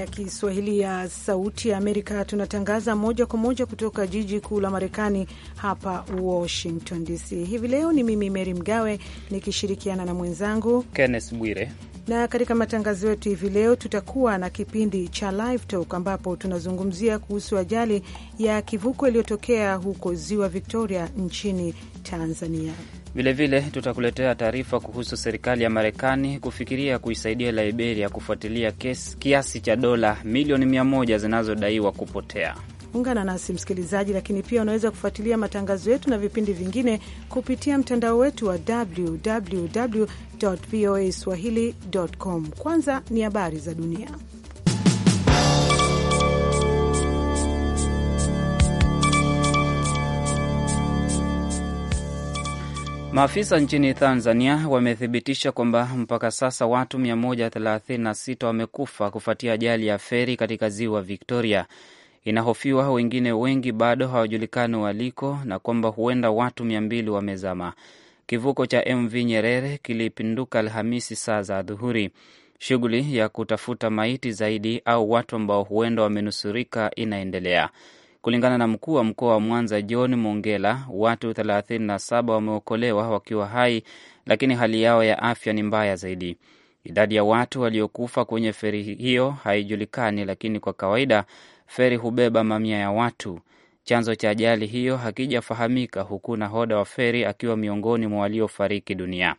ya Kiswahili ya Sauti ya Amerika. Tunatangaza moja kwa moja kutoka jiji kuu la Marekani, hapa Washington DC. Hivi leo ni mimi mery Mgawe nikishirikiana na mwenzangu Kenneth Bwire na katika matangazo yetu hivi leo tutakuwa na kipindi cha Live Talk ambapo tunazungumzia kuhusu ajali ya kivuko iliyotokea huko ziwa Victoria nchini Tanzania. Vilevile tutakuletea taarifa kuhusu serikali ya Marekani kufikiria kuisaidia Liberia kufuatilia kiasi cha dola milioni mia moja zinazodaiwa kupotea. Ungana nasi msikilizaji, lakini pia unaweza kufuatilia matangazo yetu na vipindi vingine kupitia mtandao wetu wa www voa swahili com. Kwanza ni habari za dunia. Maafisa nchini Tanzania wamethibitisha kwamba mpaka sasa watu 136 wamekufa kufuatia ajali ya feri katika ziwa Victoria. Inahofiwa wengine wengi bado hawajulikani waliko na kwamba huenda watu 200 wamezama. Kivuko cha MV Nyerere kilipinduka Alhamisi saa za dhuhuri. Shughuli ya kutafuta maiti zaidi au watu ambao huenda wamenusurika inaendelea. Kulingana na mkuu wa mkoa wa Mwanza John Mongela, watu 37 wameokolewa wakiwa hai, lakini hali yao ya afya ni mbaya zaidi. Idadi ya watu waliokufa kwenye feri hiyo haijulikani, lakini kwa kawaida feri hubeba mamia ya watu. Chanzo cha ajali hiyo hakijafahamika, huku nahoda wa feri akiwa miongoni mwa waliofariki dunia.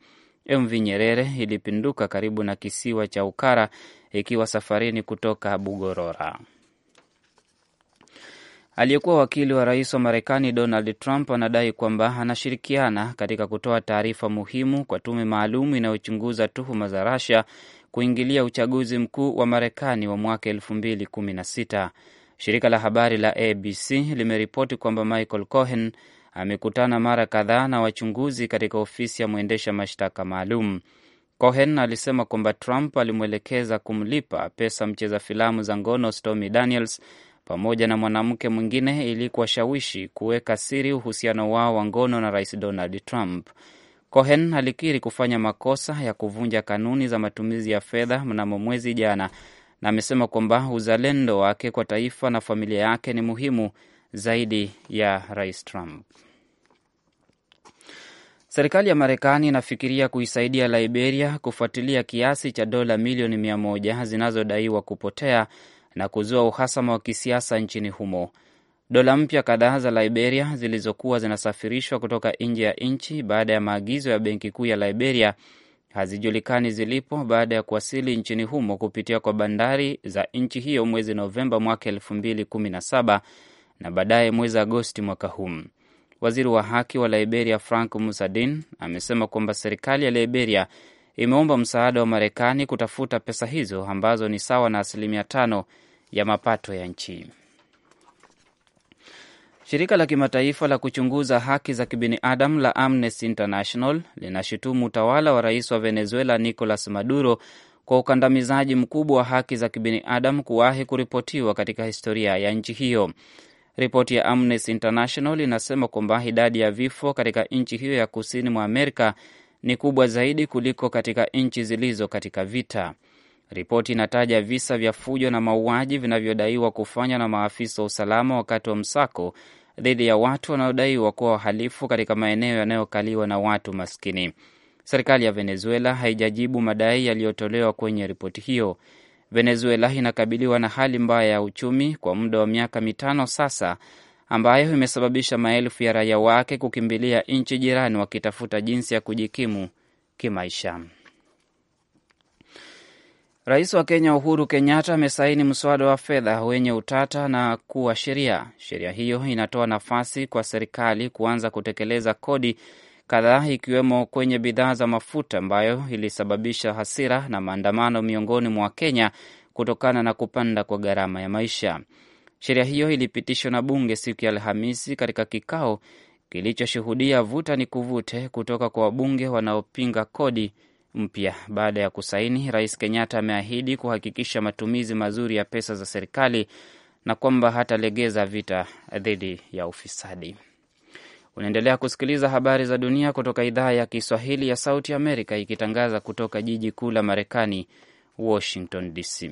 MV Nyerere ilipinduka karibu na kisiwa cha Ukara ikiwa safarini kutoka Bugorora. Aliyekuwa wakili wa rais wa Marekani Donald Trump anadai kwamba anashirikiana katika kutoa taarifa muhimu kwa tume maalum inayochunguza tuhuma za rusia kuingilia uchaguzi mkuu wa Marekani wa mwaka elfu mbili kumi na sita. Shirika la habari la ABC limeripoti kwamba Michael Cohen amekutana mara kadhaa na wachunguzi katika ofisi ya mwendesha mashtaka maalum. Cohen alisema kwamba Trump alimwelekeza kumlipa pesa mcheza filamu za ngono Stormy Daniels pamoja na mwanamke mwingine ili kuwashawishi kuweka siri uhusiano wao wa ngono na Rais Donald Trump. Cohen alikiri kufanya makosa ya kuvunja kanuni za matumizi ya fedha mnamo mwezi jana, na amesema kwamba uzalendo wake kwa taifa na familia yake ni muhimu zaidi ya Rais Trump. Serikali ya Marekani inafikiria kuisaidia Liberia kufuatilia kiasi cha dola milioni mia moja zinazodaiwa kupotea na kuzua uhasama wa kisiasa nchini humo. Dola mpya kadhaa za Liberia zilizokuwa zinasafirishwa kutoka nje ya nchi baada ya maagizo ya benki kuu ya Liberia hazijulikani zilipo baada ya kuwasili nchini humo kupitia kwa bandari za nchi hiyo mwezi Novemba mwaka elfu mbili kumi na saba na baadaye mwezi Agosti mwaka huu. Waziri wa haki wa Liberia Frank Musadin amesema kwamba serikali ya Liberia imeomba msaada wa Marekani kutafuta pesa hizo ambazo ni sawa na asilimia tano ya mapato ya nchi. Shirika la kimataifa la kuchunguza haki za kibinadamu la Amnesty International linashutumu utawala wa rais wa Venezuela Nicolas Maduro kwa ukandamizaji mkubwa wa haki za kibinadamu kuwahi kuripotiwa katika historia ya nchi hiyo. Ripoti ya Amnesty International inasema kwamba idadi ya vifo katika nchi hiyo ya kusini mwa Amerika ni kubwa zaidi kuliko katika nchi zilizo katika vita. Ripoti inataja visa vya fujo na mauaji vinavyodaiwa kufanywa na maafisa wa usalama wakati wa msako dhidi ya watu wanaodaiwa kuwa wahalifu katika maeneo yanayokaliwa na watu maskini. Serikali ya Venezuela haijajibu madai yaliyotolewa kwenye ripoti hiyo. Venezuela inakabiliwa na hali mbaya ya uchumi kwa muda wa miaka mitano sasa, ambayo imesababisha maelfu ya raia wake kukimbilia nchi jirani wakitafuta jinsi ya kujikimu kimaisha. Rais wa Kenya Uhuru Kenyatta amesaini mswada wa fedha wenye utata na kuwa sheria. Sheria hiyo inatoa nafasi kwa serikali kuanza kutekeleza kodi kadhaa ikiwemo kwenye bidhaa za mafuta ambayo ilisababisha hasira na maandamano miongoni mwa Kenya kutokana na kupanda kwa gharama ya maisha. Sheria hiyo ilipitishwa na bunge siku ya Alhamisi katika kikao kilichoshuhudia vuta ni kuvute kutoka kwa wabunge wanaopinga kodi mpya. Baada ya kusaini, Rais Kenyatta ameahidi kuhakikisha matumizi mazuri ya pesa za serikali na kwamba hatalegeza vita dhidi ya ufisadi. Unaendelea kusikiliza habari za dunia kutoka idhaa ya Kiswahili ya Sauti Amerika, ikitangaza kutoka jiji kuu la Marekani, Washington DC.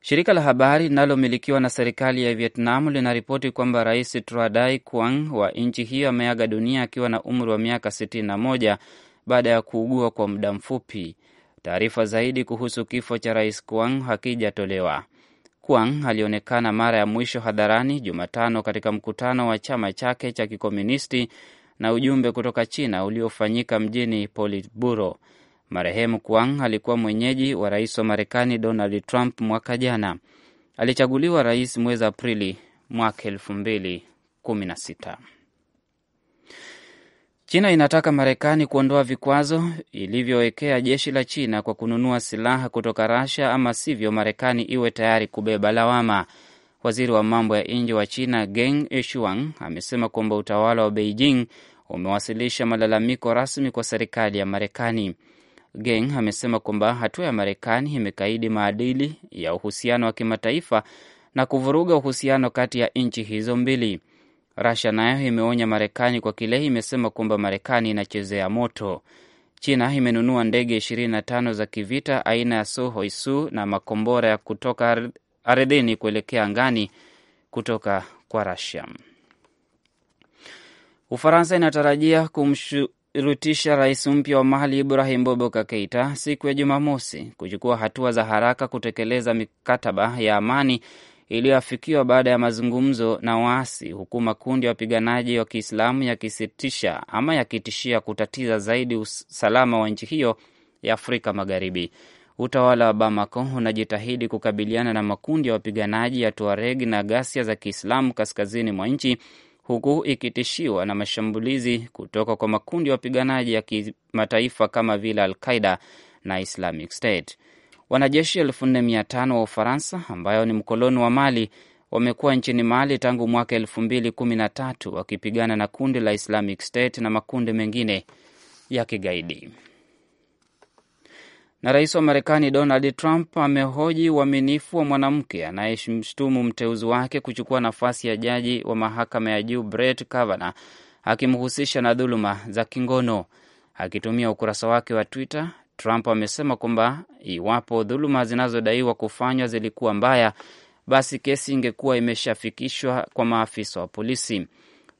Shirika la habari linalomilikiwa na serikali ya Vietnam linaripoti kwamba Rais Tradai Quang wa nchi hiyo ameaga dunia akiwa na umri wa miaka baada ya kuugua kwa muda mfupi. Taarifa zaidi kuhusu kifo cha rais Kuang hakijatolewa. Kuang alionekana mara ya mwisho hadharani Jumatano katika mkutano wa chama chake cha kikomunisti na ujumbe kutoka China uliofanyika mjini Politburo. Marehemu Kuang alikuwa mwenyeji wa rais wa Marekani Donald Trump mwaka jana. Alichaguliwa rais mwezi Aprili mwaka elfu mbili kumi na sita. China inataka Marekani kuondoa vikwazo ilivyowekea jeshi la China kwa kununua silaha kutoka rasia ama sivyo Marekani iwe tayari kubeba lawama. Waziri wa mambo ya nje wa China Geng Shuang amesema kwamba utawala wa Beijing umewasilisha malalamiko rasmi kwa serikali ya Marekani. Geng amesema kwamba hatua ya Marekani imekaidi maadili ya uhusiano wa kimataifa na kuvuruga uhusiano kati ya nchi hizo mbili rasia nayo imeonya Marekani kwa kile imesema kwamba Marekani inachezea moto. China imenunua ndege 25 za kivita aina ya Suhoi Su na makombora ya kutoka ardhini kuelekea angani kutoka kwa rasia Ufaransa inatarajia kumshurutisha rais mpya wa Mali Ibrahim Boboka Keita siku ya Jumamosi kuchukua hatua za haraka kutekeleza mikataba ya amani iliyoafikiwa baada ya mazungumzo na waasi, huku makundi ya wapiganaji wa Kiislamu yakisitisha ama yakitishia kutatiza zaidi usalama wa nchi hiyo ya Afrika Magharibi. Utawala wa Bamako unajitahidi kukabiliana na makundi ya wapiganaji ya Tuareg na ghasia za Kiislamu kaskazini mwa nchi huku ikitishiwa na mashambulizi kutoka kwa makundi ya wapiganaji ya kimataifa kama vile Al Qaida na Islamic State. Wanajeshi elfu nne mia tano wa Ufaransa ambayo ni mkoloni wa Mali wamekuwa nchini Mali tangu mwaka elfu mbili kumi na tatu wakipigana na kundi la Islamic State na makundi mengine ya kigaidi. Na rais wa Marekani Donald Trump amehoji uaminifu wa mwanamke anayemshutumu mteuzi wake kuchukua nafasi ya jaji wa mahakama ya juu Brett Kavanaugh, akimhusisha na dhuluma za kingono. Akitumia ukurasa wake wa Twitter, Trump amesema kwamba iwapo dhuluma zinazodaiwa kufanywa zilikuwa mbaya, basi kesi ingekuwa imeshafikishwa kwa maafisa wa polisi.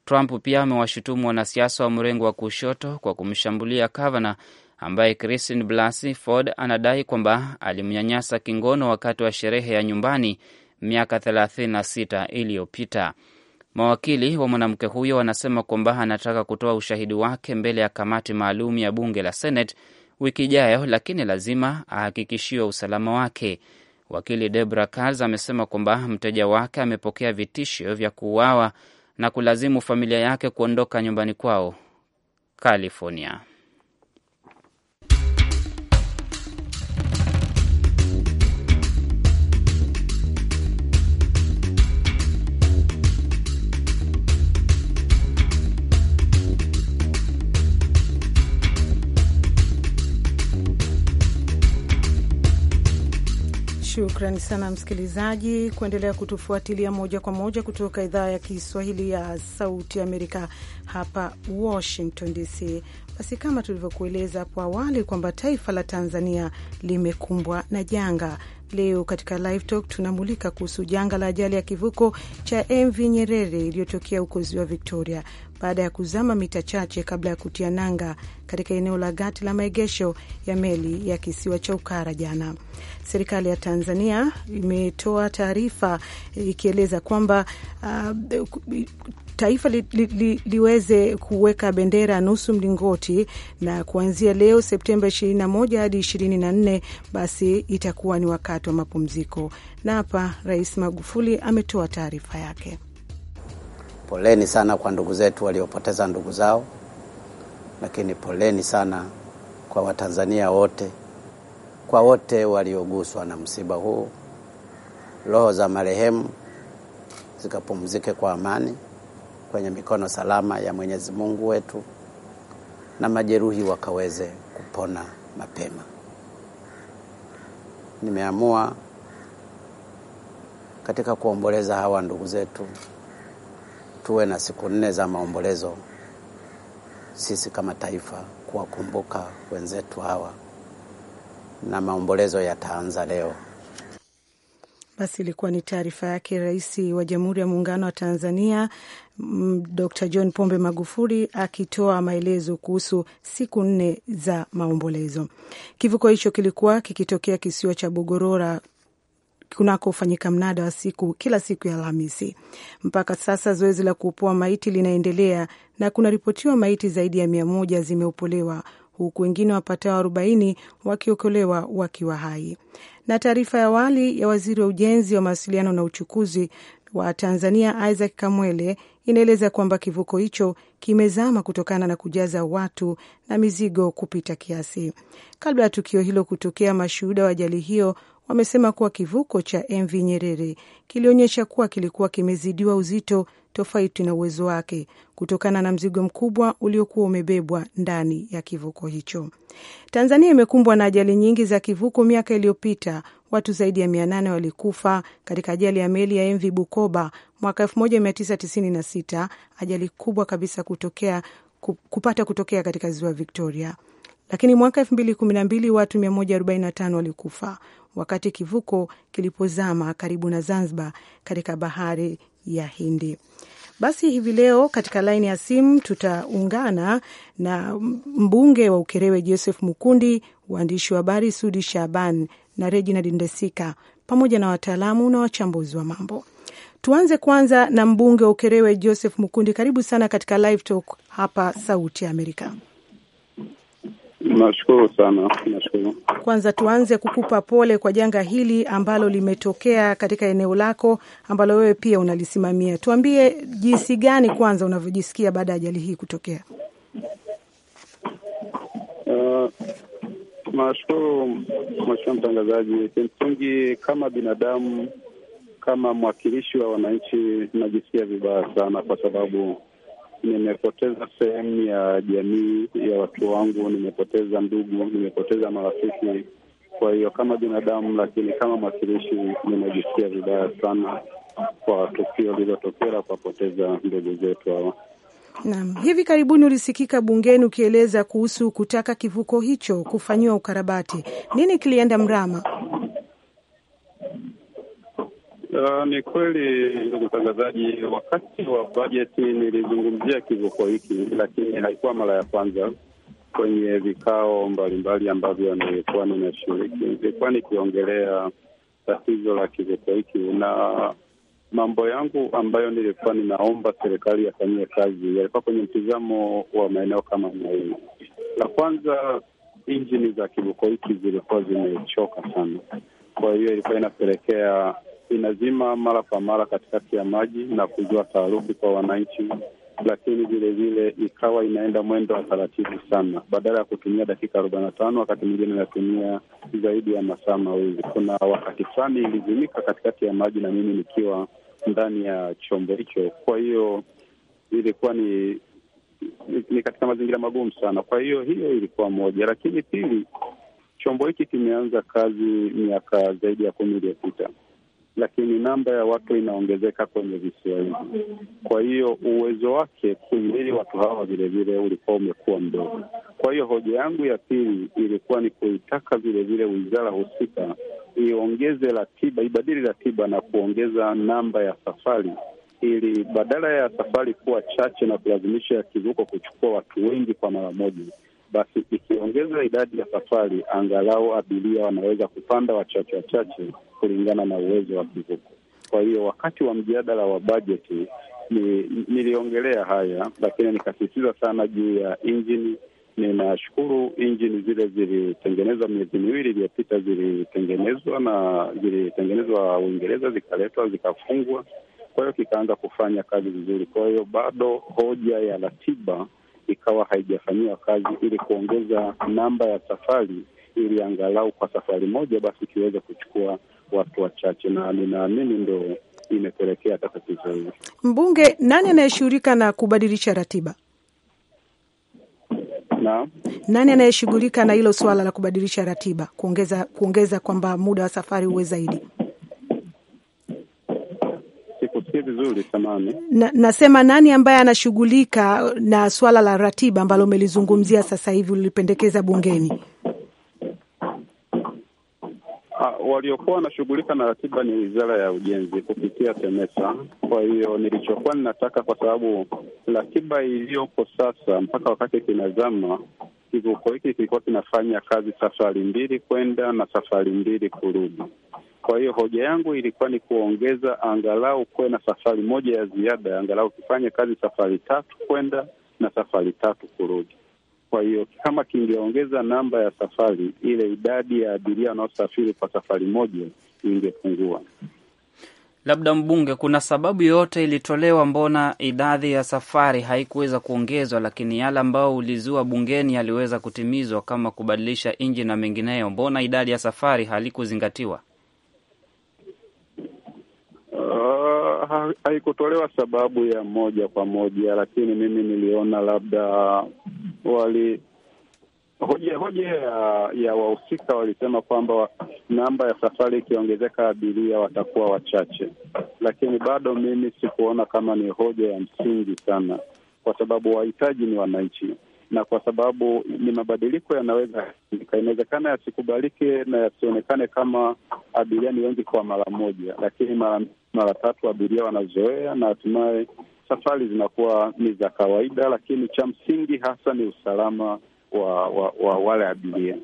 Trump pia amewashutumu wanasiasa wa mrengo wa kushoto kwa kumshambulia Kavana ambaye Christine Blasey Ford anadai kwamba alimnyanyasa kingono wakati wa sherehe ya nyumbani miaka 36 iliyopita. Mawakili wa mwanamke huyo wanasema kwamba anataka kutoa ushahidi wake mbele ya kamati maalum ya bunge la Senate wiki ijayo, lakini lazima ahakikishiwe usalama wake. Wakili Debra Kars amesema kwamba mteja wake amepokea vitisho vya kuuawa na kulazimu familia yake kuondoka nyumbani kwao California. Shukrani sana msikilizaji kuendelea kutufuatilia moja kwa moja kutoka idhaa ya Kiswahili ya Sauti Amerika hapa Washington DC. Basi kama tulivyokueleza hapo awali kwamba taifa la Tanzania limekumbwa na janga Leo katika Live Talk tunamulika kuhusu janga la ajali ya kivuko cha MV Nyerere iliyotokea huko ziwa Victoria baada ya kuzama mita chache kabla ya kutia nanga katika eneo la gati la maegesho ya meli ya kisiwa cha Ukara jana. Serikali ya Tanzania imetoa taarifa ikieleza kwamba uh, taifa li, li, li, liweze kuweka bendera nusu mlingoti na kuanzia leo Septemba 21 hadi 24, basi itakuwa ni wakati wa mapumziko. Na hapa Rais Magufuli ametoa taarifa yake. Poleni sana kwa ndugu zetu waliopoteza ndugu zao, lakini poleni sana kwa Watanzania wote, kwa wote walioguswa na msiba huu. Roho za marehemu zikapumzike kwa amani kwenye mikono salama ya Mwenyezi Mungu wetu, na majeruhi wakaweze kupona mapema. Nimeamua katika kuomboleza hawa ndugu zetu tuwe na siku nne za maombolezo sisi kama taifa kuwakumbuka wenzetu hawa, na maombolezo yataanza leo. Basi ilikuwa ni taarifa yake Rais wa Jamhuri ya Muungano wa Tanzania mm, Dr. John Pombe Magufuli akitoa maelezo kuhusu siku nne za maombolezo. Kivuko hicho kilikuwa kikitokea kisiwa cha Bogorora kunakofanyika mnada wa siku kila siku ya Alhamisi. Mpaka sasa zoezi la kuopoa maiti linaendelea na kunaripotiwa maiti zaidi ya mia moja zimeopolewa huku wengine wapatao arobaini wakiokolewa wakiwa hai. Na taarifa ya awali ya waziri wa ujenzi wa mawasiliano na uchukuzi wa Tanzania Isaac Kamwele inaeleza kwamba kivuko hicho kimezama kutokana na kujaza watu na mizigo kupita kiasi. Kabla ya tukio hilo kutokea, mashuhuda wa ajali hiyo wamesema kuwa kivuko cha MV Nyerere kilionyesha kuwa kilikuwa kimezidiwa uzito tofauti na uwezo wake kutokana na mzigo mkubwa uliokuwa umebebwa ndani ya kivuko hicho. Tanzania imekumbwa na ajali nyingi za kivuko miaka iliyopita. Watu zaidi ya mia nane walikufa katika ajali ya meli ya MV Bukoba mwaka 1996, ajali kubwa kabisa kutokea kupata kutokea katika ziwa Victoria. Lakini mwaka 2012 watu 145 walikufa wakati kivuko kilipozama karibu na Zanzibar katika bahari ya Hindi. Basi hivi leo katika laini ya simu tutaungana na mbunge wa Ukerewe Joseph Mukundi, waandishi wa habari Sudi Shaban na reginald ndesika pamoja na wataalamu na wachambuzi wa mambo. Tuanze kwanza na mbunge wa Ukerewe Joseph Mukundi, karibu sana katika Live Talk hapa Sauti ya Amerika. Nashukuru sana, nashukuru. Kwanza tuanze kukupa pole kwa janga hili ambalo limetokea katika eneo lako ambalo wewe pia unalisimamia. Tuambie jinsi gani kwanza unavyojisikia baada ya ajali hii kutokea. Uh, nashukuru mheshimiwa mtangazaji. Kimsingi kama binadamu, kama mwakilishi wa wananchi, najisikia vibaya sana kwa sababu nimepoteza sehemu ya jamii ya watu wangu, nimepoteza ndugu, nimepoteza marafiki. Kwa hiyo kama binadamu, lakini kama mwakilishi, nimejisikia vibaya sana kwa tukio lililotokea la kuwapoteza ndugu zetu hawa. Naam, hivi karibuni ulisikika bungeni ukieleza kuhusu kutaka kivuko hicho kufanyiwa ukarabati. Nini kilienda mrama? Uh, ni kweli ndugu mtangazaji, wakati wa bajeti nilizungumzia kivuko hiki, lakini haikuwa mara ya kwanza kwenye vikao mbalimbali ambavyo nilikuwa ninashiriki. Nilikuwa nikiongelea tatizo la kivuko hiki na mambo yangu ambayo nilikuwa ninaomba serikali yafanyie kazi yalikuwa kwenye mtizamo wa maeneo kama mawili. La kwanza, injini za kivuko hiki zilikuwa zimechoka sana, kwa hiyo ilikuwa inapelekea inazima mara kwa mara katikati ya maji na kujua taharuki kwa wananchi, lakini vilevile ikawa inaenda mwendo wa taratibu sana. Badala ya kutumia dakika arobaini na tano wakati mwingine inatumia zaidi ya masaa mawili. Kuna wakati fulani ilizimika katikati ya maji na mimi nikiwa ndani ya chombo hicho, kwa hiyo ilikuwa ni ni katika mazingira magumu sana. Kwa hiyo hiyo ilikuwa moja, lakini pili, chombo hiki kimeanza kazi miaka zaidi ya kumi iliyopita lakini namba ya watu inaongezeka kwenye visiwa hivi. Kwa hiyo uwezo wake kuhimili watu hawa vilevile ulikuwa umekuwa mdogo. Kwa hiyo hoja yangu ya pili ilikuwa ni kuitaka vilevile wizara husika iongeze ratiba, ibadili ratiba na kuongeza namba ya safari ili badala ya safari kuwa chache na kulazimisha kivuko kuchukua watu wengi kwa mara moja, basi ikiongeza idadi ya safari, angalau abiria wanaweza kupanda wachache wachache kulingana na uwezo wa kivuko. Kwa hiyo wakati wa mjadala wa bajeti ni, niliongelea haya lakini nikasisitiza sana juu ya injini. Ninashukuru injini zile zilitengenezwa miezi miwili iliyopita, zilitengenezwa na zilitengenezwa Uingereza, zikaletwa zikafungwa, kwa hiyo kikaanza kufanya kazi vizuri. Kwa hiyo bado hoja ya ratiba ikawa haijafanyiwa kazi, ili kuongeza namba ya safari, ili angalau kwa safari moja basi ikiweza kuchukua watu wachache, na ninaamini ndo imepelekea hata tatizo hili. Mbunge, nani anayeshughulika na kubadilisha ratiba? na nani anayeshughulika na hilo suala la kubadilisha ratiba, kuongeza kuongeza kwamba muda wa safari uwe zaidi? Sikusikii vizuri samani. Na, nasema nani ambaye anashughulika na swala la ratiba ambalo umelizungumzia sasa hivi ulilipendekeza bungeni? Ah, waliokuwa wanashughulika na ratiba ni wizara ya ujenzi kupitia TEMESA. Kwa hiyo nilichokuwa ninataka, kwa sababu ratiba iliyopo sasa mpaka wakati kinazama, kivuko hiki kilikuwa kinafanya kazi safari mbili kwenda na safari mbili kurudi. Kwa hiyo hoja yangu ilikuwa ni kuongeza angalau kuwe na safari moja ya ziada, angalau kifanye kazi safari tatu kwenda na safari tatu kurudi. Kwa hiyo kama kingeongeza namba ya safari, ile idadi ya abiria wanaosafiri kwa safari moja ingepungua. Labda mbunge, kuna sababu yoyote ilitolewa? Mbona idadi ya safari haikuweza kuongezwa, lakini yale ambayo ulizua bungeni yaliweza kutimizwa, kama kubadilisha injini na mengineyo? Mbona idadi ya safari halikuzingatiwa? Uh, haikutolewa sababu ya moja kwa moja, lakini mimi niliona labda wali hoja hoja ya, ya wahusika walisema kwamba namba ya safari ikiongezeka abiria watakuwa wachache, lakini bado mimi sikuona kama ni hoja ya msingi sana, kwa sababu wahitaji ni wananchi, na kwa sababu ni mabadiliko yanaweza inawezekana yasikubalike na yasionekane kama abiria ni wengi kwa mara moja, lakini mara mbili mara tatu, abiria wanazoea na hatimaye safari zinakuwa ni za kawaida, lakini cha msingi hasa ni usalama wa, wa, wa wale abiria.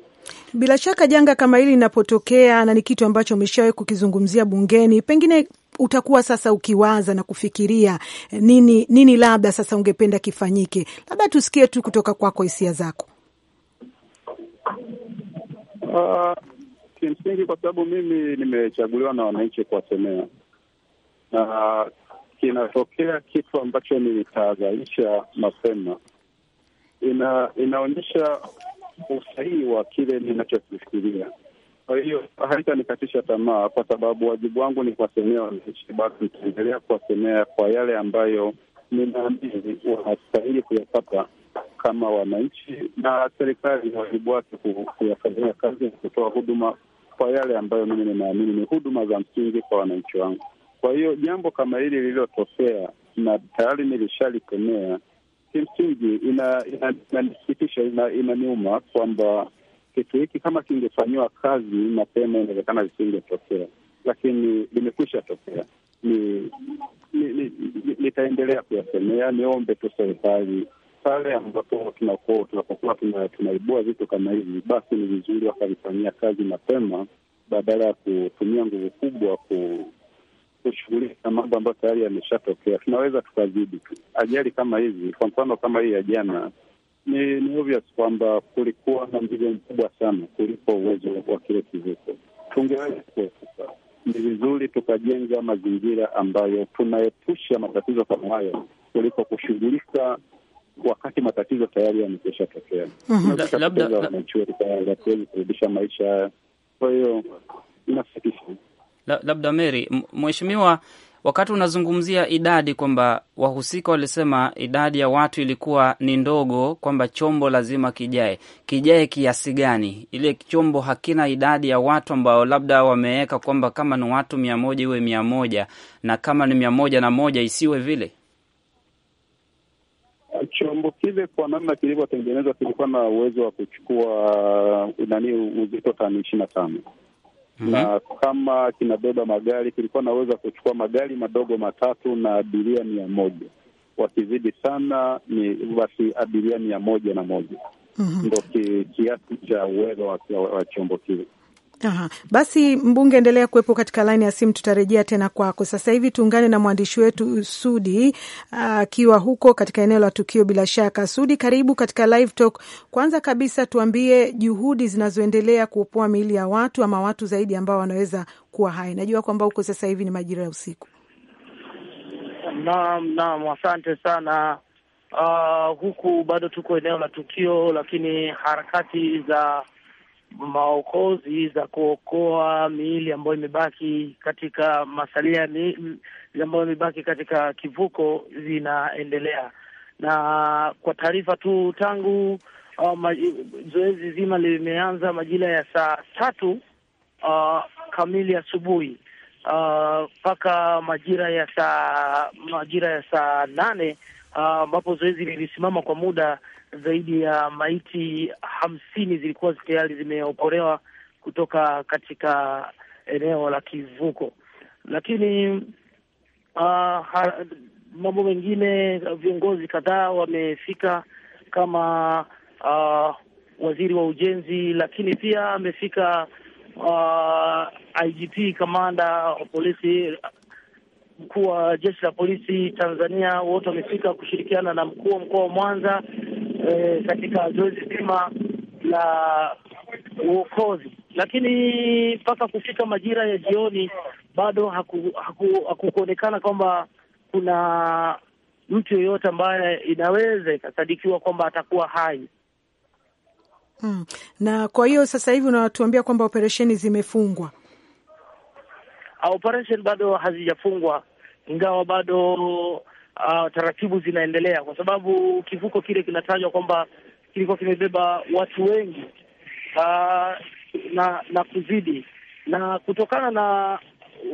Bila shaka janga kama hili linapotokea, na ni kitu ambacho umeshawahi kukizungumzia bungeni, pengine utakuwa sasa ukiwaza na kufikiria nini nini, labda sasa ungependa kifanyike, labda tusikie tu kutoka kwako hisia zako. Uh, kimsingi kwa sababu mimi nimechaguliwa na wananchi kuwasemea na kinatokea kitu ambacho nilitahadharisha mapema. Ina, inaonyesha usahihi wa kile ninachokifikiria. Kwa hiyo haitanikatisha tamaa, kwa sababu wajibu wangu ni kuwasemea wananchi, bado nitaendelea kuwasemea kwa yale ambayo ninaamini wanastahili kuyapata kama wananchi, na serikali ni wajibu wake kuyafanyia kazi na kutoa huduma kwa yale ambayo mimi ninaamini ni huduma za msingi kwa wananchi wangu. Kwa hiyo jambo kama hili lililotokea, na tayari nilishalikemea, kimsingi inanisikitisha, ina, inaniuma ina, kwamba kitu hiki kama kingefanyiwa kazi mapema, inawezekana visingetokea, lakini limekwisha tokea. Ni ni kuyasemea. Niombe tu serikali pale ambapo tunakuwa tunapokuwa tunaibua vitu kama hivi, basi ni vizuri wakavifanyia kazi mapema, badala ya kutumia nguvu kubwa ku kushughulika na mambo ambayo tayari yameshatokea. Tunaweza tukazidi tu ajali kama hizi, kwa mfano kama hii ya jana. Ni, ni obvious kwamba kulikuwa na mzigo mkubwa sana kuliko uwezo wa kile kivuko. Tungeweza kuepuka. Ni vizuri tukajenga mazingira ambayo tunaepusha matatizo kama hayo kuliko kushughulika wakati matatizo tayari yamekwisha tokea. Mhm. Labda wananchi wetu tayari hatuwezi kurudisha maisha haya, kwa hiyo inasikitisha. La, labda Mary, mheshimiwa, wakati unazungumzia idadi kwamba wahusika walisema idadi ya watu ilikuwa ni ndogo, kwamba chombo lazima kijae. Kijae kiasi gani? Ile chombo hakina idadi ya watu ambao labda wameweka kwamba kama ni watu mia moja iwe mia moja na kama ni mia moja na moja isiwe vile chombo kile kwa namna kilivyotengenezwa kilikuwa na uwezo wa kuchukua nani uzito tani ishirini na tano mm -hmm. na kama kinabeba magari, kilikuwa naweza kuchukua magari madogo matatu na abiria mia moja wakizidi sana ni basi abiria mia moja na moja ndo mm -hmm. kiasi cha uwezo wa chombo kile. Aha. Basi mbunge, endelea kuwepo katika laini ya simu, tutarejea tena kwako. Sasa hivi tuungane na mwandishi wetu Sudi akiwa uh, huko katika eneo la tukio. Bila shaka, Sudi, karibu katika Live Talk. Kwanza kabisa, tuambie juhudi zinazoendelea kuopoa miili ya watu ama watu zaidi ambao wanaweza kuwa hai. Najua kwamba huko sasa hivi ni majira ya usiku. Naam, naam, asante sana. Uh, huku bado tuko eneo la tukio, lakini harakati za maokozi za kuokoa miili ambayo imebaki katika masalia ambayo imebaki katika kivuko zinaendelea. Na kwa taarifa tu, tangu uh, zoezi zima limeanza majira ya saa tatu uh, kamili asubuhi uh, mpaka uh, majira ya saa majira ya saa nane uh, ambapo uh, zoezi lilisimama kwa muda zaidi ya maiti hamsini zilikuwa tayari zimeokolewa kutoka katika eneo la kivuko, lakini uh, mambo mengine, viongozi kadhaa wamefika kama uh, waziri wa ujenzi, lakini pia amefika uh, ah, IGP kamanda wa polisi, mkuu wa jeshi la polisi Tanzania, wote wamefika kushirikiana na mkuu wa mkoa wa Mwanza e, katika zoezi zima la uokozi, lakini mpaka kufika majira ya jioni bado hakukuonekana haku, haku kwamba kuna mtu yeyote ambaye inaweza ikasadikiwa kwamba atakuwa hai. Hmm. Na kwa hiyo sasa hivi unatuambia kwamba operesheni zimefungwa? Operesheni bado hazijafungwa, ingawa bado uh, taratibu zinaendelea, kwa sababu kivuko kile kinatajwa kwamba kilikuwa kimebeba watu wengi uh, na na kuzidi, na kutokana na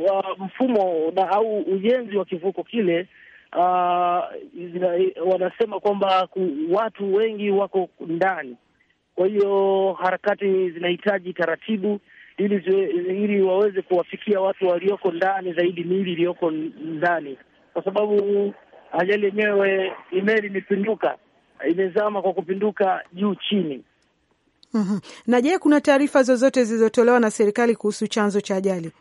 wa mfumo na au ujenzi wa kivuko kile uh, wanasema kwamba watu wengi wako ndani, kwa hiyo harakati zinahitaji taratibu ili ili waweze kuwafikia watu walioko ndani zaidi, miili iliyoko ndani, kwa sababu ajali yenyewe imeli imepinduka, imezama kwa kupinduka juu chini. mm -hmm. Na je, kuna taarifa zozote zilizotolewa na serikali kuhusu chanzo cha ajali?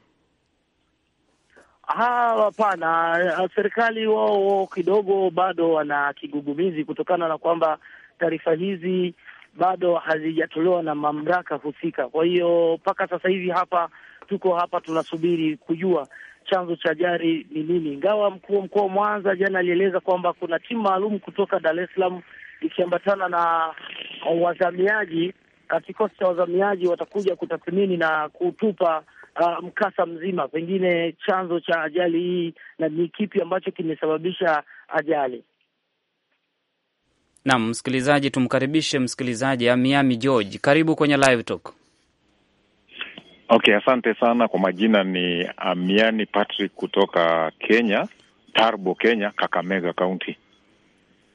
Hapana, serikali wao kidogo bado wana kigugumizi kutokana na kwamba taarifa hizi bado hazijatolewa na mamlaka husika. Kwa hiyo mpaka sasa hivi hapa tuko hapa tunasubiri kujua chanzo cha ajali ni nini, ingawa mkuu wa mkoa wa Mwanza jana alieleza kwamba kuna timu maalum kutoka Dar es Salaam ikiambatana na wazamiaji, kikosi cha wazamiaji watakuja kutathmini na kutupa uh, mkasa mzima, pengine chanzo cha ajali hii na ni kipi ambacho kimesababisha ajali. Naam, msikilizaji, tumkaribishe msikilizaji Amiami George, karibu kwenye Live Talk. Okay, asante sana kwa majina. Ni Amiani uh, Patrick kutoka Kenya, Tarbo, Kenya, Kakamega Kaunti.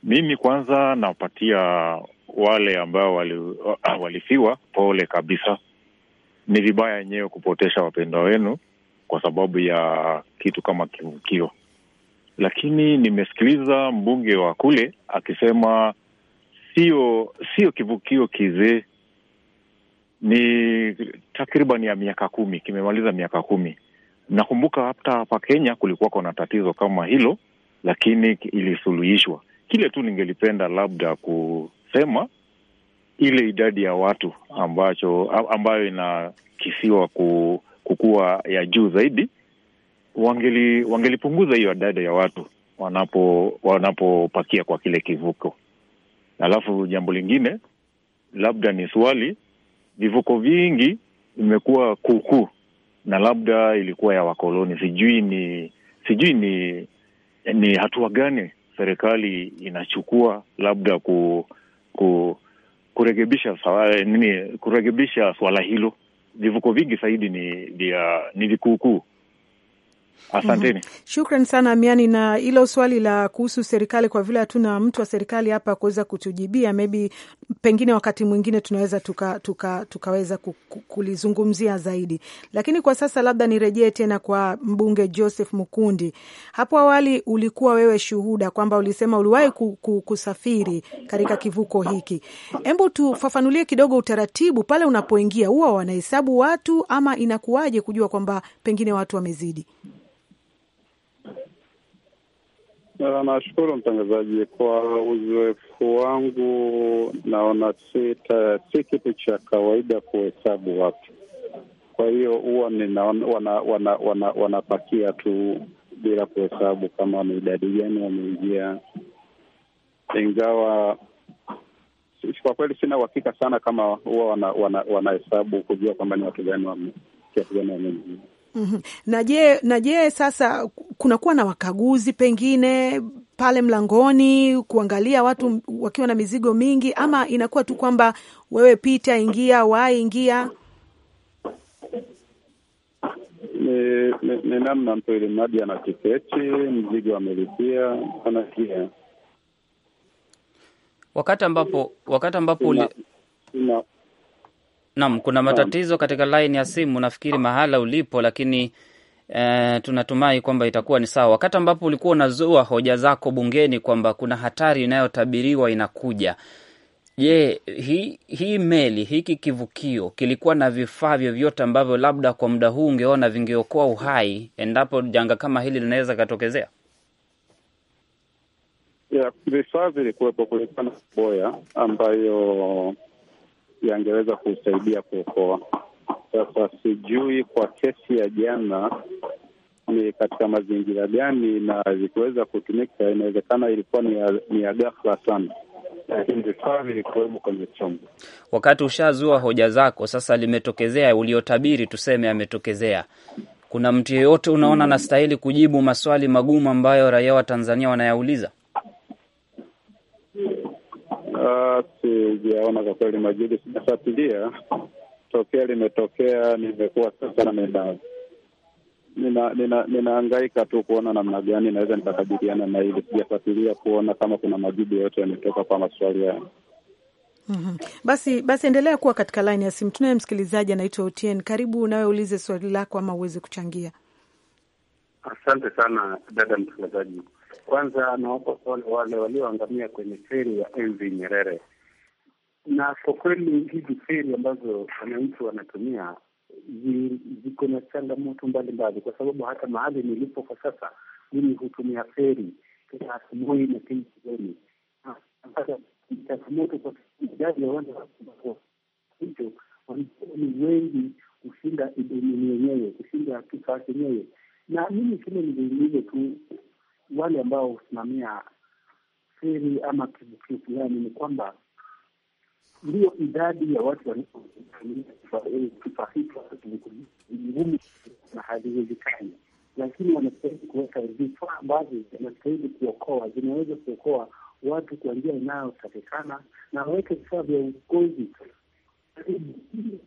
Mimi kwanza nawapatia wale ambao wali, uh, walifiwa pole kabisa. Ni vibaya yenyewe kupotesha wapendwa wenu kwa sababu ya kitu kama kivukio, lakini nimesikiliza mbunge wa kule akisema sio sio kivukio kizee ni takriban ya miaka kumi, kimemaliza miaka kumi. Nakumbuka hata hapa Kenya kulikuwa kona tatizo kama hilo, lakini ilisuluhishwa. Kile tu ningelipenda labda kusema ile idadi ya watu ambacho ambayo inakisiwa kukuwa kukua ya juu zaidi, wangeli wangelipunguza hiyo idadi ya watu wanapo wanapopakia kwa kile kivuko. Alafu jambo lingine labda ni swali vivuko vingi vimekuwa kuukuu, na labda ilikuwa ya wakoloni. Sijui ni sijui ni ni hatua gani serikali inachukua labda ku, ku kurekebisha eh, nini, kurekebisha swala hilo. Vivuko vingi zaidi ni vya ni vikuukuu Asanteni. mm -hmm. Shukran sana Amiani, na hilo swali la kuhusu serikali, kwa vile hatuna mtu wa serikali hapa kuweza kutujibia, maybe pengine wakati mwingine tunaweza tuka, tuka, tukaweza kulizungumzia zaidi, lakini kwa sasa labda nirejee tena kwa mbunge Joseph Mukundi. Hapo awali ulikuwa wewe shuhuda kwamba ulisema uliwahi kusafiri katika kivuko hiki. Hebu tufafanulie kidogo utaratibu pale unapoingia, huwa wanahesabu watu ama inakuwaje kujua kwamba pengine watu wamezidi? Nashukuru mtangazaji kwa uzoefu wangu, naona si kitu cha kawaida kuhesabu watu. Kwa hiyo huwa ninaona wanapakia wana, wana, wana tu bila kuhesabu kama ni idadi gani wameingia, ingawa kwa kweli sina uhakika sana kama huwa wanahesabu wana, wana kujua kwamba ni watu gani wameingia. Mhm. Naje, Na je, sasa kunakuwa na wakaguzi pengine pale mlangoni kuangalia watu wakiwa na mizigo mingi, ama inakuwa tu kwamba wewe pita, ingia, wai ingia? Ni, ni, ni namna mtu mradi ana tiketi, mzigo amelipia, anaingia wakati ambapo wakati ambapo Naam, kuna matatizo katika laini ya simu, nafikiri mahala ulipo, lakini e, tunatumai kwamba itakuwa ni sawa. Wakati ambapo ulikuwa unazua hoja zako bungeni kwamba kuna hatari inayotabiriwa inakuja, je, hii hi meli hiki kivukio kilikuwa na vifaa vyovyote ambavyo labda kwa muda huu ungeona vingeokoa uhai endapo janga kama hili linaweza ikatokezea? Vifaa vilikuwepo, kulikuwa na boya ambayo yangeweza kusaidia kuokoa. Sasa sijui kwa kesi ya jana ni katika mazingira gani na vikiweza kutumika, inawezekana ilikuwa ni ya, ni ya ghafla sana, lakini vifaa vilikuwemo kwenye chombo. Wakati ushazua hoja zako, sasa limetokezea uliotabiri, tuseme ametokezea. Kuna mtu yeyote unaona anastahili kujibu maswali magumu ambayo raia wa Tanzania wanayauliza? Sijaona kwa kweli majibu, sijafuatilia tokea limetokea. Nimekuwa sasa nina nina- tu kuona namna gani naweza nikakabiliana na hili. Sijafuatilia kuona kama kuna majibu yote yametoka kwa maswali hayo. Mm -hmm. Basi basi, endelea kuwa katika laini ya simu. Tunaye msikilizaji anaitwa Otien, karibu nawe ulize swali lako ama uweze kuchangia. Asante sana dada mtangazaji. Kwanza nawapa pole wale walioangamia kwenye feri ya MV Nyerere, na kwa kweli hizi feri ambazo wananchi wanatumia ziko na changamoto mbalimbali, kwa sababu hata mahali nilipo kwa sasa mimi hutumia feri kila asubuhi na kila jioni. Changamoto kwa idadi ya hicho ni wengi kushinda idumini yenyewe kushinda kifaa chenyewe, na mimi kile niliulize tu wale ambao husimamia feri ama kivutio fulani ni kwamba ndiyo idadi ya watu ngumu na haziwezekani, lakini wanastahili kuweka vifaa ambavyo zinastahili kuokoa, zinaweza kuokoa watu kwa njia inayotakikana, na waweke vifaa vya ugozi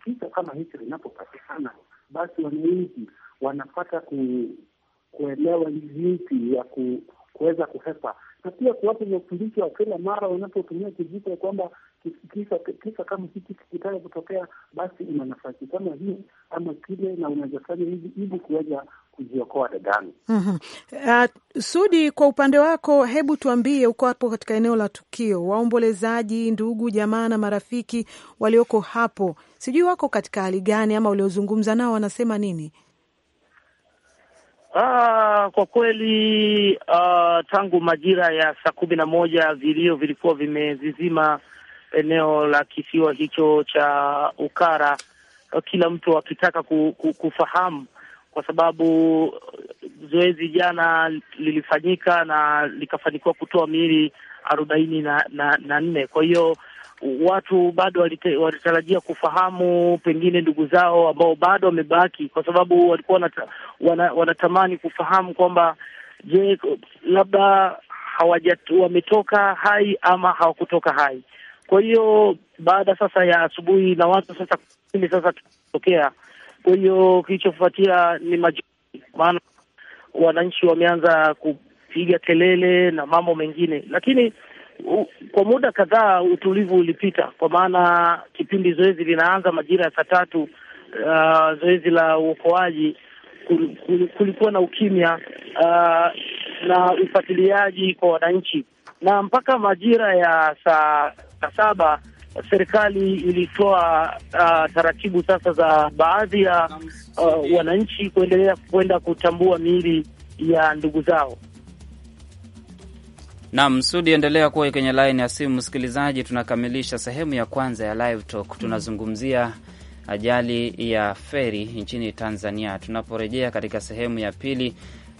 kisa kama hicho linapopatikana, basi wananchi wanapata ku kuelewa jinsi ya ku, kuweza kuhepa na pia kuwapa mafundisho ya kila mara wanapotumia kijiko, kwamba kisa kama hiki kikitaka kutokea, basi una nafasi kama hii ama kile, na unawezafanya hivi ili kuweza kujiokoa dadani. mm -hmm. Uh, Sudi, kwa upande wako, hebu tuambie, uko hapo katika eneo la tukio, waombolezaji, ndugu, jamaa na marafiki walioko hapo, sijui wako katika hali gani, ama uliozungumza nao wanasema nini? Ah, kwa kweli ah, tangu majira ya saa kumi na moja vilio vilikuwa vimezizima eneo la kisiwa hicho cha Ukara, kila mtu akitaka ku, ku, kufahamu kwa sababu zoezi jana lilifanyika na likafanikiwa kutoa miili arobaini na, na, na nne. Kwa hiyo watu bado walitarajia kufahamu pengine ndugu zao ambao bado wamebaki, kwa sababu walikuwa wanata, wana, wanatamani kufahamu kwamba je, labda hawaja wametoka hai ama hawakutoka hai. Kwa hiyo baada sasa ya asubuhi na watu sasa sasa tutokea. Kwa hiyo kilichofuatia ni majonzi, maana wananchi wameanza kupiga kelele na mambo mengine, lakini kwa muda kadhaa utulivu ulipita, kwa maana kipindi zoezi linaanza majira ya saa tatu, uh, zoezi la uokoaji kulikuwa na ukimya uh, na ufuatiliaji kwa wananchi, na mpaka majira ya saa saba serikali ilitoa uh, taratibu sasa za baadhi ya uh, wananchi kuendelea kwenda kutambua miili ya ndugu zao. Nam Sudi, endelea kuwa kwenye laini ya simu. Msikilizaji, tunakamilisha sehemu ya kwanza ya Live Talk. Tunazungumzia ajali ya feri nchini Tanzania. Tunaporejea katika sehemu ya pili,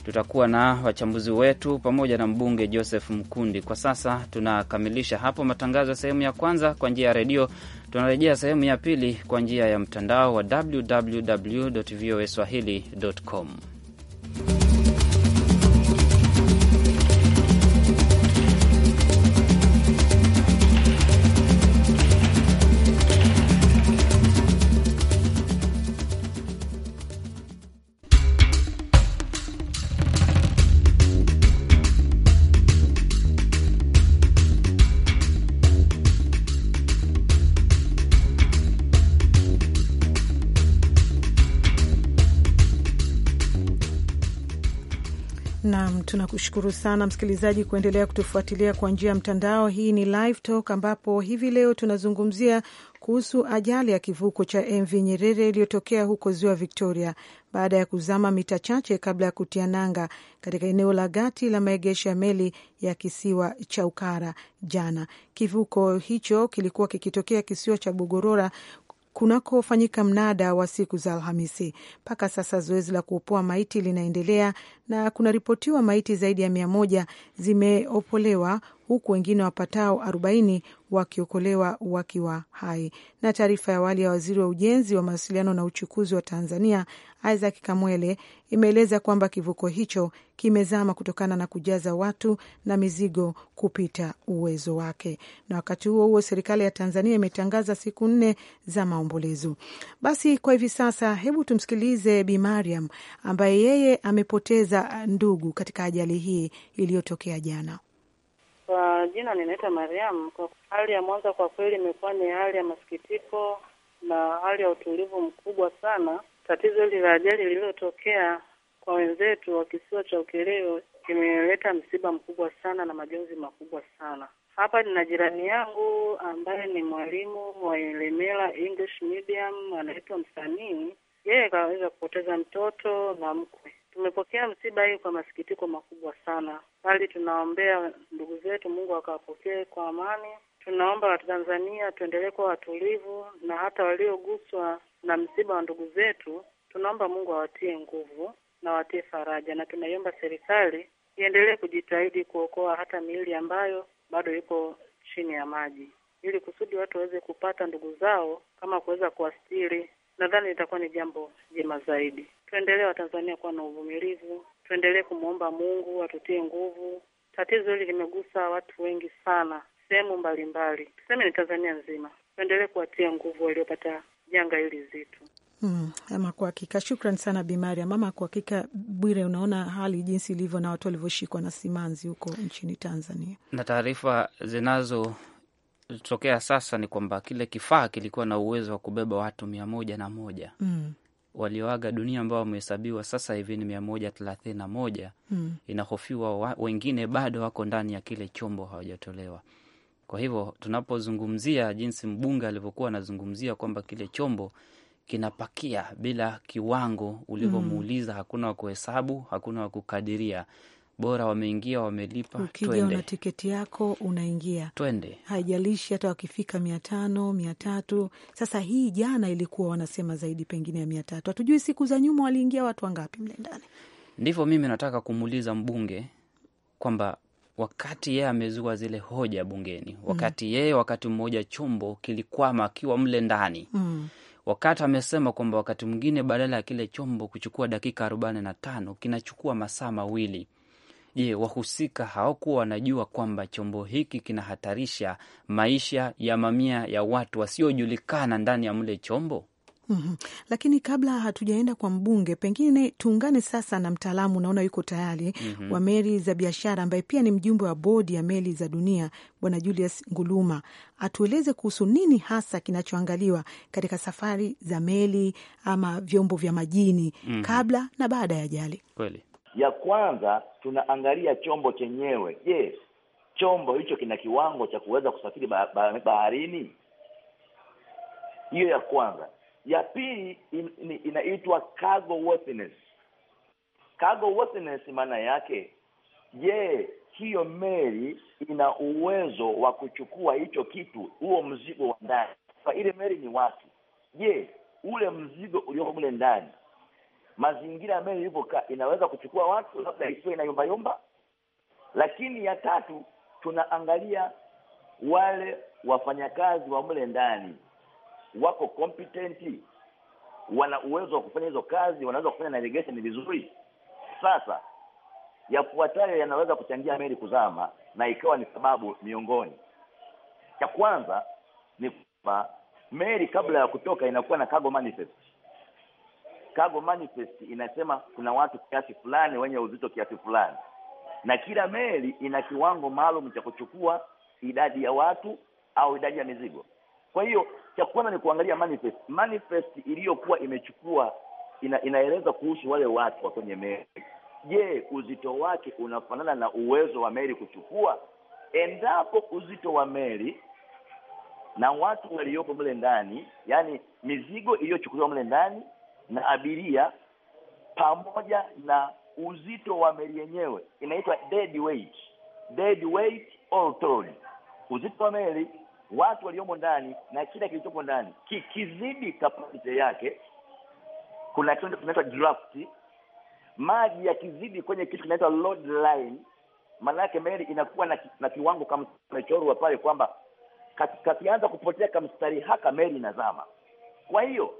tutakuwa na wachambuzi wetu pamoja na mbunge Joseph Mkundi. Kwa sasa tunakamilisha hapo matangazo ya sehemu ya kwanza kwa njia ya redio. Tunarejea sehemu ya pili kwa njia ya mtandao wa www voa swahili com. Nam, tunakushukuru sana msikilizaji kuendelea kutufuatilia kwa njia ya mtandao. Hii ni Live Talk ambapo hivi leo tunazungumzia kuhusu ajali ya kivuko cha MV Nyerere iliyotokea huko ziwa Victoria baada ya kuzama mita chache kabla ya kutia nanga katika eneo la gati la maegesho ya meli ya kisiwa cha Ukara jana. Kivuko hicho kilikuwa kikitokea kisiwa cha Bogorora kunakofanyika mnada wa siku za Alhamisi. Mpaka sasa zoezi la kuopoa maiti linaendelea na kunaripotiwa maiti zaidi ya mia moja zimeopolewa huku wengine wapatao arobaini wakiokolewa wakiwa hai. Na taarifa ya awali ya waziri wa ujenzi wa mawasiliano na uchukuzi wa Tanzania Isaac Kamwele imeeleza kwamba kivuko hicho kimezama kutokana na kujaza watu na mizigo kupita uwezo wake. Na wakati huo huo, serikali ya Tanzania imetangaza siku nne za maombolezo. Basi kwa hivi sasa, hebu tumsikilize Bi Mariam ambaye yeye amepoteza kupoteza ndugu katika ajali hii iliyotokea jana? Kwa jina ninaita Mariam. Kwa hali ya Mwanza kwa kweli imekuwa ni hali ya masikitiko na hali ya utulivu mkubwa sana. Tatizo hili la ajali lililotokea kwa wenzetu wa kisiwa cha Ukerewe kimeleta msiba mkubwa sana na majonzi makubwa sana. Hapa nina jirani yangu ambaye ni mwalimu wa Ilemela English Medium, anaitwa Msanii. Yeye kaweza kupoteza mtoto na mkwe. Tumepokea msiba hii kwa masikitiko makubwa sana, bali tunaombea ndugu zetu, Mungu akawapokee kwa amani. Tunaomba Watanzania tuendelee kuwa watulivu, na hata walioguswa na msiba wa ndugu zetu, tunaomba Mungu awatie nguvu na watie faraja, na tunaiomba serikali iendelee kujitahidi kuokoa hata miili ambayo bado iko chini ya maji, ili kusudi watu waweze kupata ndugu zao, kama kuweza kuwastiri. Nadhani itakuwa ni jambo jema zaidi. Tuendelee Watanzania kuwa na uvumilivu, tuendelee kumwomba Mungu atutie nguvu. Tatizo hili limegusa watu wengi sana sehemu mbalimbali, tuseme ni Tanzania nzima. Tuendelee kuwatia nguvu waliopata janga hili zito. Hmm, ama kwa hakika shukran sana Bi Mariam. kwa hakika Bwire, unaona hali jinsi ilivyo na watu walivyoshikwa na simanzi huko nchini Tanzania, na taarifa zinazotokea sasa ni kwamba kile kifaa kilikuwa na uwezo wa kubeba watu mia moja na moja. Hmm walioaga dunia ambao wamehesabiwa sasa hivi ni mia moja thelathini na moja. Hmm. Inahofiwa wa, wengine bado wako ndani ya kile chombo hawajatolewa. Kwa hivyo tunapozungumzia jinsi mbunge alivyokuwa anazungumzia kwamba kile chombo kinapakia bila kiwango ulivyomuuliza, hmm. hakuna wa kuhesabu, hakuna wa kukadiria bora wameingia, wamelipa. Ukija una tiketi yako unaingia, twende, haijalishi hata wakifika mia tano mia tatu Sasa hii jana ilikuwa wanasema zaidi pengine ya mia tatu Hatujui siku za nyuma waliingia watu wangapi mle ndani. Ndivyo mimi nataka kumuuliza mbunge kwamba wakati yeye amezua zile hoja bungeni, mm. wakati yeye wakati mmoja chombo kilikwama akiwa mle ndani mm. wakati amesema kwamba wakati mwingine badala ya kile chombo kuchukua dakika arobaini na tano kinachukua masaa mawili Je, wahusika hawakuwa wanajua kwamba chombo hiki kinahatarisha maisha ya mamia ya watu wasiojulikana ndani ya mle chombo? Mm -hmm. Lakini kabla hatujaenda kwa mbunge, pengine tuungane sasa na mtaalamu, naona yuko tayari mm -hmm. wa meli za biashara ambaye pia ni mjumbe wa bodi ya meli za dunia, Bwana Julius Nguluma atueleze kuhusu nini hasa kinachoangaliwa katika safari za meli ama vyombo vya majini mm -hmm. kabla na baada ya ajali. Kweli. Ya kwanza tunaangalia chombo chenyewe. Je, chombo hicho kina kiwango cha kuweza kusafiri baharini? Hiyo ya kwanza. Ya pili in, in, inaitwa cargo worthiness. Cargo worthiness maana yake, je, hiyo meli ina uwezo wa kuchukua hicho kitu, huo mzigo wa ndani? Kwa ile meli ni wapi je, ule mzigo ulioko mle ndani mazingira ambayo ilivyokaa inaweza kuchukua watu, labda isiwe na yumba yumba. Lakini ya tatu, tunaangalia wale wafanyakazi wa mle ndani wako competent, wana uwezo wa kufanya hizo kazi, wanaweza kufanya navigation vizuri. Sasa yafuatayo yanaweza kuchangia meli kuzama na ikawa ni sababu miongoni. Cha kwanza ni kwamba meli kabla ya kutoka inakuwa na cargo manifest Chicago Manifest inasema kuna watu kiasi fulani wenye uzito kiasi fulani, na kila meli ina kiwango maalum cha kuchukua idadi ya watu au idadi ya mizigo. Kwa hiyo cha kwanza ni kuangalia manifest. Manifest iliyokuwa imechukua ina, inaeleza kuhusu wale watu wa kwenye meli. Je, uzito wake unafanana na uwezo wa meli kuchukua? Endapo uzito wa meli na watu waliopo mle ndani, yani mizigo iliyochukuliwa mle ndani na abiria pamoja na uzito wa meli yenyewe, inaitwa dead weight, dead weight all told, uzito wa meli, watu waliomo ndani na kila kilichopo ndani. Kikizidi kapasiti yake, kuna kitu kinaitwa draft. Maji yakizidi kwenye kitu kinaitwa load line, maana yake meli inakuwa na, na kiwango kama kimechorwa pale kwamba kakianza kupotea kamstari haka meli inazama. Kwa hiyo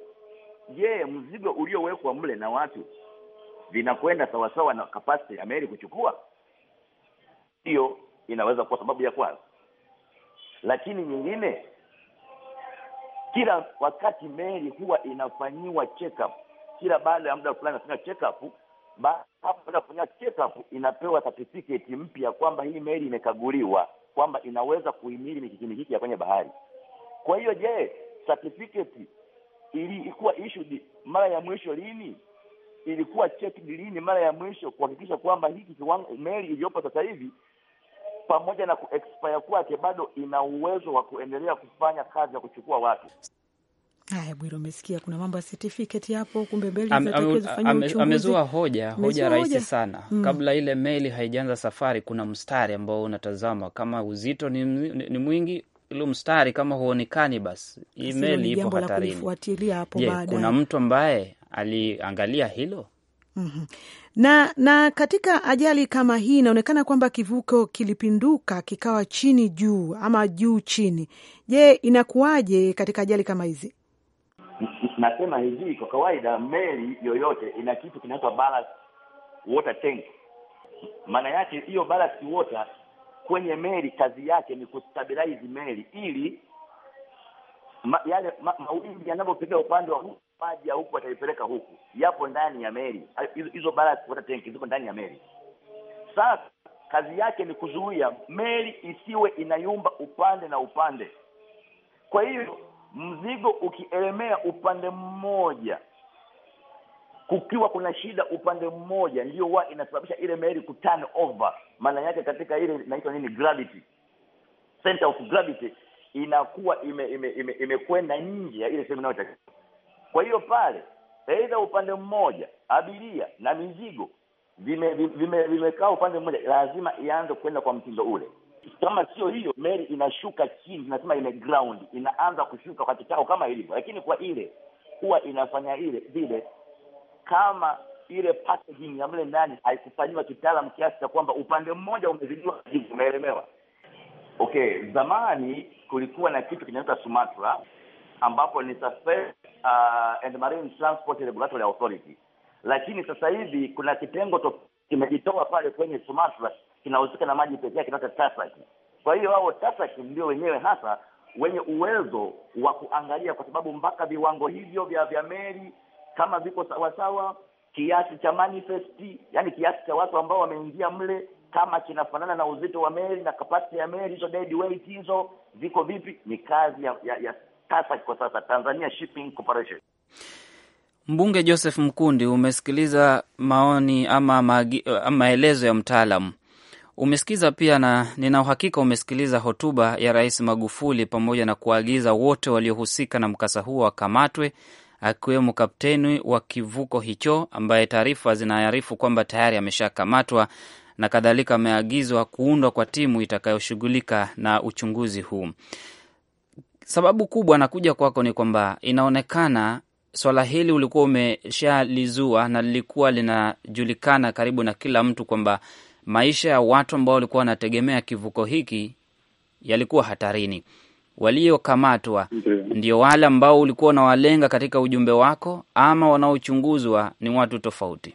je, mzigo uliowekwa mle na watu vinakwenda sawasawa na kapasiti ya meli kuchukua? Hiyo inaweza kuwa sababu ya kwanza, lakini nyingine, kila wakati meli huwa inafanyiwa check up kila baada ya muda fulani, inafanya check up. Baada ya kufanya check up, inapewa certificate mpya kwamba hii meli imekaguliwa kwamba inaweza kuhimili mikikimikiki ya kwenye bahari. Kwa hiyo, je, certificate ilikuwa issued mara ya mwisho lini? Ilikuwa checked lini mara ya mwisho kuhakikisha kwamba hiki kiwango meli iliyopo sasa hivi pamoja na kuexpire kwake bado ina uwezo wa kuendelea kufanya kazi ya kuchukua watu. Haya, Bwiro, umesikia kuna mambo ya certificate hapo, kumbe meli am, amezua hoja hoja rahisi sana mm. Kabla ile meli haijaanza safari, kuna mstari ambao unatazama kama uzito ni, ni, ni mwingi ilo mstari kama huonekani, basi email ipo hatarini. Je, kuna mtu ambaye aliangalia hilo? mm -hmm. Na, na katika ajali kama hii inaonekana kwamba kivuko kilipinduka kikawa chini juu ama juu chini. Je, inakuwaje katika ajali kama hizi? Nasema hivi, kwa kawaida meli yoyote ina kitu kinaitwa ballast water tank. Maana yake hiyo ballast water kwenye meli kazi yake ni kustabilize meli ili ma, yale ma, mawimbi yanapopiga upande wa huku maji ya huku wataipeleka huku, yapo ndani ya meli hizo, ballast water tank ziko ndani ya meli. Sasa kazi yake ni kuzuia meli isiwe inayumba upande na upande. Kwa hiyo mzigo ukielemea upande mmoja kukiwa kuna shida upande mmoja ndio wa inasababisha ile meli ku turn over, maana yake katika ile inaitwa nini, gravity center of gravity inakuwa imekwenda ime, ime, ime nje ya ile sehemu inayotakiwa. Kwa hiyo pale aidha upande mmoja abiria na mizigo vimekaa vime, vime upande mmoja, lazima ianze kwenda kwa mtindo ule. Kama sio hiyo, meli inashuka chini, tunasema ime ground, inaanza kushuka kwa kikao kama ilivyo, lakini kwa ile huwa inafanya ile vile kama ile packaging ya mle ndani haikufanyiwa kitaalamu kiasi cha kwamba upande mmoja umezidiwa, umeelemewa. Okay, zamani kulikuwa na kitu kinaitwa Sumatra ambapo ni Surface uh, and Marine Transport Regulatory Authority, lakini sasa hivi kuna kitengo to kimejitoa pale kwenye Sumatra kinahusika na maji pekee, kinaitwa TASAC. Kwa hiyo wao TASAC ndio wenyewe hasa wenye uwezo wa kuangalia, kwa sababu mpaka viwango hivyo vya vya meli kama viko sawasawa, kiasi cha manifesti, yani kiasi cha watu ambao wameingia mle, kama kinafanana na uzito wa meli na kapasiti ya meli, hizo dead weight hizo ziko vipi? Ni kazi ya, ya, ya sasa kwa sasa, Tanzania Shipping Corporation. Mbunge Joseph Mkundi, umesikiliza maoni ama maelezo ya mtaalamu umesikiza pia na nina uhakika umesikiliza hotuba ya Rais Magufuli pamoja na kuagiza wote waliohusika na mkasa huo wakamatwe akiwemo kapteni wa kivuko hicho ambaye taarifa zinaarifu kwamba tayari ameshakamatwa na kadhalika. Ameagizwa kuundwa kwa timu itakayoshughulika na uchunguzi huu. Sababu kubwa nakuja kwako ni kwamba inaonekana swala hili ulikuwa umeshalizua na lilikuwa linajulikana karibu na kila mtu kwamba maisha ya watu ambao walikuwa wanategemea kivuko hiki yalikuwa hatarini waliokamatwa ndio wale ambao ulikuwa unawalenga katika ujumbe wako, ama wanaochunguzwa ni watu tofauti?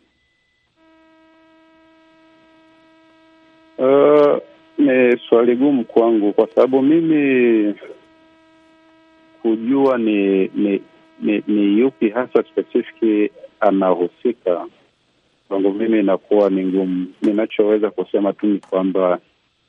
Uh, ni swali gumu kwangu kwa sababu mimi kujua ni ni ni, ni yupi hasa spesifiki anahusika kwangu mimi inakuwa ni ngumu. Ninachoweza kusema tu ni kwamba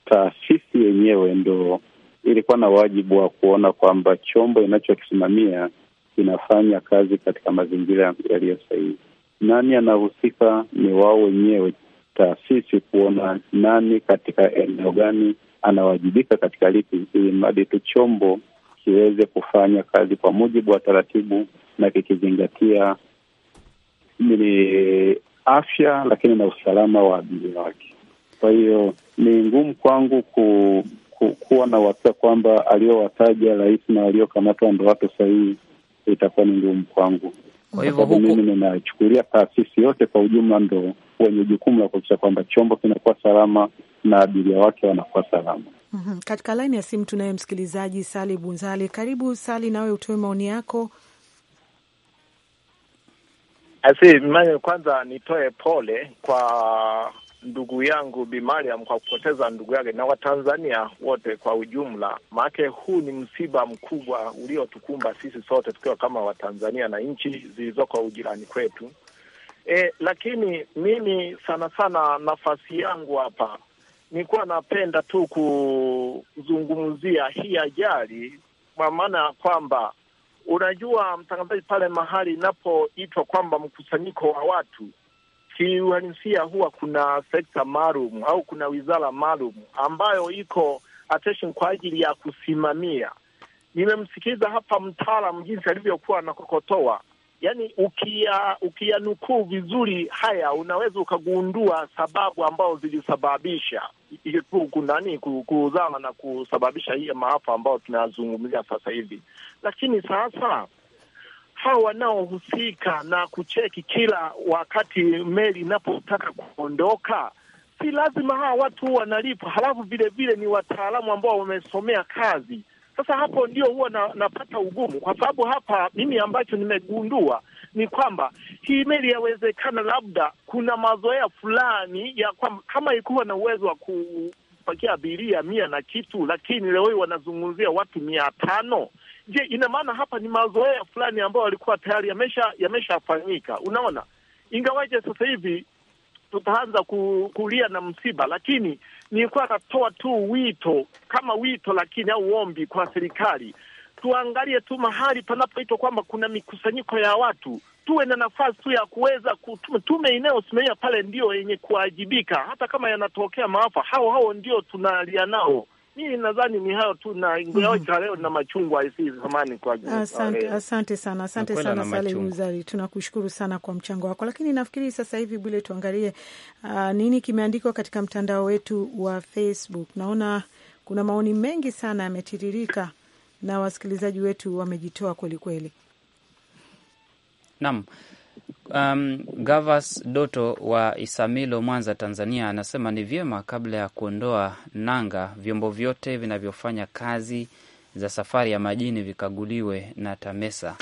taasisi yenyewe ndo ilikuwa na wajibu wa kuona kwamba chombo inachokisimamia kinafanya kazi katika mazingira yaliyo sahihi. Nani anahusika? Ni wao wenyewe taasisi, kuona nani katika eneo gani anawajibika katika lipi, ili mradi tu chombo kiweze kufanya kazi kwa mujibu wa taratibu na kikizingatia ni afya lakini na usalama wa abiria wake. Kwa hiyo ni ngumu kwangu ku ku, kuwa na uhakika kwamba aliyowataja rais na waliokamatwa ndo watu sahihi itakuwa ni ngumu kwangu, kwa mimi ninachukulia taasisi yote kwa ujumla ndo wenye jukumu la kuhakikisha kwamba chombo kinakuwa salama na abiria wake wanakuwa salama. Mm -hmm. Katika laini ya simu tunaye msikilizaji Sali Bunzali. Karibu Sali, nawe utoe maoni yako. Asi, kwanza nitoe pole kwa ndugu yangu Bi Mariam kwa kupoteza ndugu yake na Watanzania wote kwa ujumla, maake huu ni msiba mkubwa uliotukumba sisi sote tukiwa kama Watanzania na nchi zilizoko ujirani kwetu. E, lakini mimi sana sana nafasi yangu hapa nilikuwa napenda tu kuzungumzia hii ajali, kwa maana ya kwamba unajua mtangazaji, pale mahali inapoitwa kwamba mkusanyiko wa watu kiuhalisia huwa kuna sekta maalum au kuna wizara maalum ambayo iko attention kwa ajili ya kusimamia. Nimemsikiliza hapa mtaalamu jinsi alivyokuwa anakokotoa, yani ukiyanukuu ukia vizuri haya, unaweza ukagundua sababu ambazo zilisababisha nani kuzama na kusababisha hii maafa ambayo tunazungumzia sasa hivi, lakini sasa hawa wanaohusika na kucheki kila wakati meli inapotaka kuondoka, si lazima hawa watu wanalipwa, halafu vile vile ni wataalamu ambao wamesomea kazi. Sasa hapo ndio huwa na, napata ugumu kwa sababu hapa mimi ambacho nimegundua ni kwamba hii meli yawezekana labda kuna mazoea fulani ya kwamba kama ilikuwa na uwezo wa kupakia abiria mia na kitu, lakini leo hii wanazungumzia watu mia tano Je, ina maana hapa ni mazoea fulani ambayo walikuwa tayari yameshafanyika, yamesha unaona, ingawaje sasa hivi tutaanza kulia na msiba, lakini nilikuwa natoa tu wito kama wito, lakini au ombi kwa serikali, tuangalie tu mahali panapoitwa kwamba kuna mikusanyiko ya watu, tuwe na nafasi tu ya kuweza tume inayosimamia pale, ndio yenye kuwajibika. Hata kama yanatokea maafa, hao hao ndio tunalia nao mimi nadhani ni hayo tu na ingawaja mhm. leo na machungwa si zamani kwa ajili. Asante, asante sana, asante sana Saleh Muzari, tunakushukuru sana kwa mchango wako. Lakini nafikiri sasa hivi Bwile, tuangalie uh, nini kimeandikwa katika mtandao wetu wa Facebook. Naona kuna maoni mengi sana yametiririka na wasikilizaji wetu wamejitoa kwelikweli. Naam. Um, Gavas Doto wa Isamilo, Mwanza, Tanzania, anasema ni vyema kabla ya kuondoa nanga vyombo vyote vinavyofanya kazi za safari ya majini vikaguliwe na TAMESA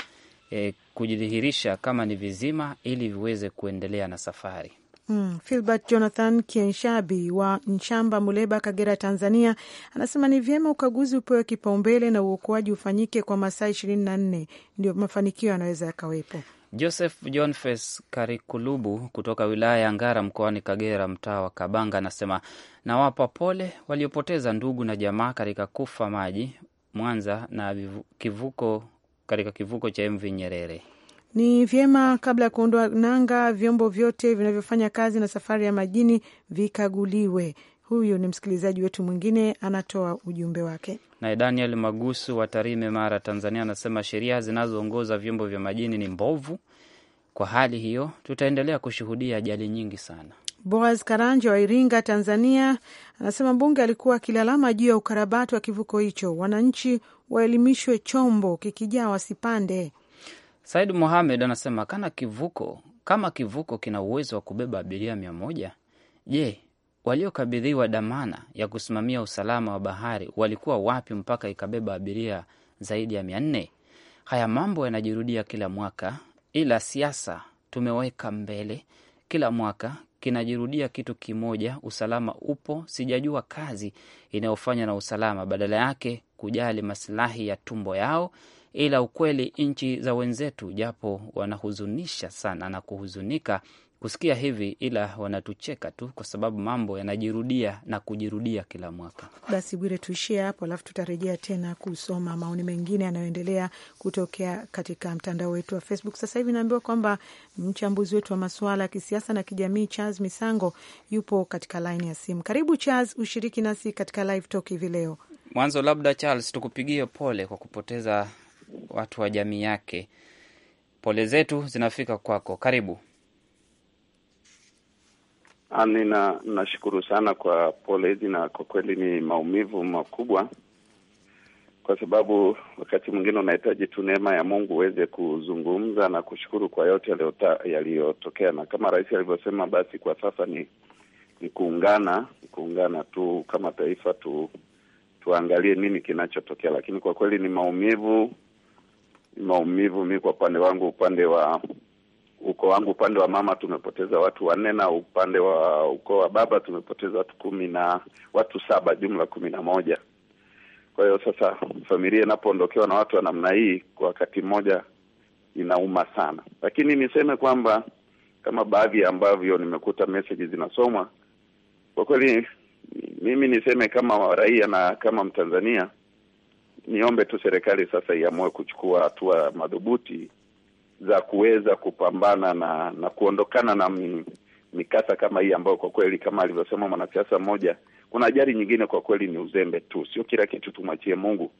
e, kujidhihirisha kama ni vizima ili viweze kuendelea na safari. Mm. Filbert Jonathan Kienshabi wa Nshamba, Muleba, Kagera, Tanzania anasema ni vyema ukaguzi upewe kipaumbele na uokoaji ufanyike kwa masaa ishirini na nne, ndio mafanikio yanaweza yakawepo. Joseph Jonfes Karikulubu kutoka wilaya ya Ngara mkoani Kagera, mtaa wa Kabanga, anasema nawapa pole waliopoteza ndugu na jamaa katika kufa maji Mwanza na kivuko katika kivuko cha MV Nyerere. Ni vyema kabla ya kuondoa nanga, vyombo vyote vinavyofanya kazi na safari ya majini vikaguliwe. Huyu ni msikilizaji wetu mwingine, anatoa ujumbe wake. Naye Daniel Magusu wa Tarime, Mara, Tanzania, anasema sheria zinazoongoza vyombo vya majini ni mbovu. Kwa hali hiyo, tutaendelea kushuhudia ajali nyingi sana. Boaz Karanja wa Iringa, Tanzania, anasema mbunge alikuwa akilalama juu ya ukarabati wa kivuko hicho. Wananchi waelimishwe, chombo kikijaa wasipande. Said Mohamed anasema kana kivuko kama kivuko kina uwezo wa kubeba abiria mia moja, je, waliokabidhiwa dhamana ya kusimamia usalama wa bahari walikuwa wapi mpaka ikabeba abiria zaidi ya mia nne? Haya mambo yanajirudia kila mwaka, ila siasa tumeweka mbele. Kila mwaka kinajirudia kitu kimoja, usalama upo. Sijajua kazi inayofanywa na usalama, badala yake kujali masilahi ya tumbo yao. Ila ukweli, nchi za wenzetu japo wanahuzunisha sana na kuhuzunika kusikia hivi, ila wanatucheka tu, kwa sababu mambo yanajirudia na kujirudia kila mwaka. Basi Bwire, tuishie hapo, alafu tutarejea tena kusoma maoni mengine yanayoendelea kutokea katika mtandao wetu wa Facebook. Sasa hivi naambiwa kwamba mchambuzi wetu wa masuala ya kisiasa na kijamii Charles Misango yupo katika laini ya simu. Karibu Charles, ushiriki nasi katika live talk hivi leo. Mwanzo labda Charles, tukupigie pole kwa kupoteza watu wa jamii yake. Pole zetu zinafika kwako. Karibu. Amina, nashukuru sana kwa pole hizi na kwa kweli ni maumivu makubwa, kwa sababu wakati mwingine unahitaji tu neema ya Mungu uweze kuzungumza na kushukuru kwa yote yaliyotokea, na kama rais alivyosema, basi kwa sasa ni ni kuungana, kuungana tu kama taifa tu, tuangalie nini kinachotokea, lakini kwa kweli ni maumivu, ni maumivu. Mi kwa upande wangu, upande wa ukoo wangu upande wa mama tumepoteza watu wanne na upande wa ukoo wa baba tumepoteza watu kumi na watu saba, jumla kumi na moja. Kwa hiyo sasa familia inapoondokewa na watu wa namna hii kwa wakati mmoja inauma sana, lakini niseme kwamba kama baadhi ambavyo nimekuta message zinasomwa, kwa kweli mimi niseme kama raia na kama Mtanzania niombe tu serikali sasa iamue kuchukua hatua madhubuti za kuweza kupambana na na kuondokana na mikasa kama hii ambayo kwa kweli kama alivyosema mwanasiasa mmoja, kuna ajali nyingine kwa kweli ni uzembe tu, sio kila kitu tumwachie Mungu.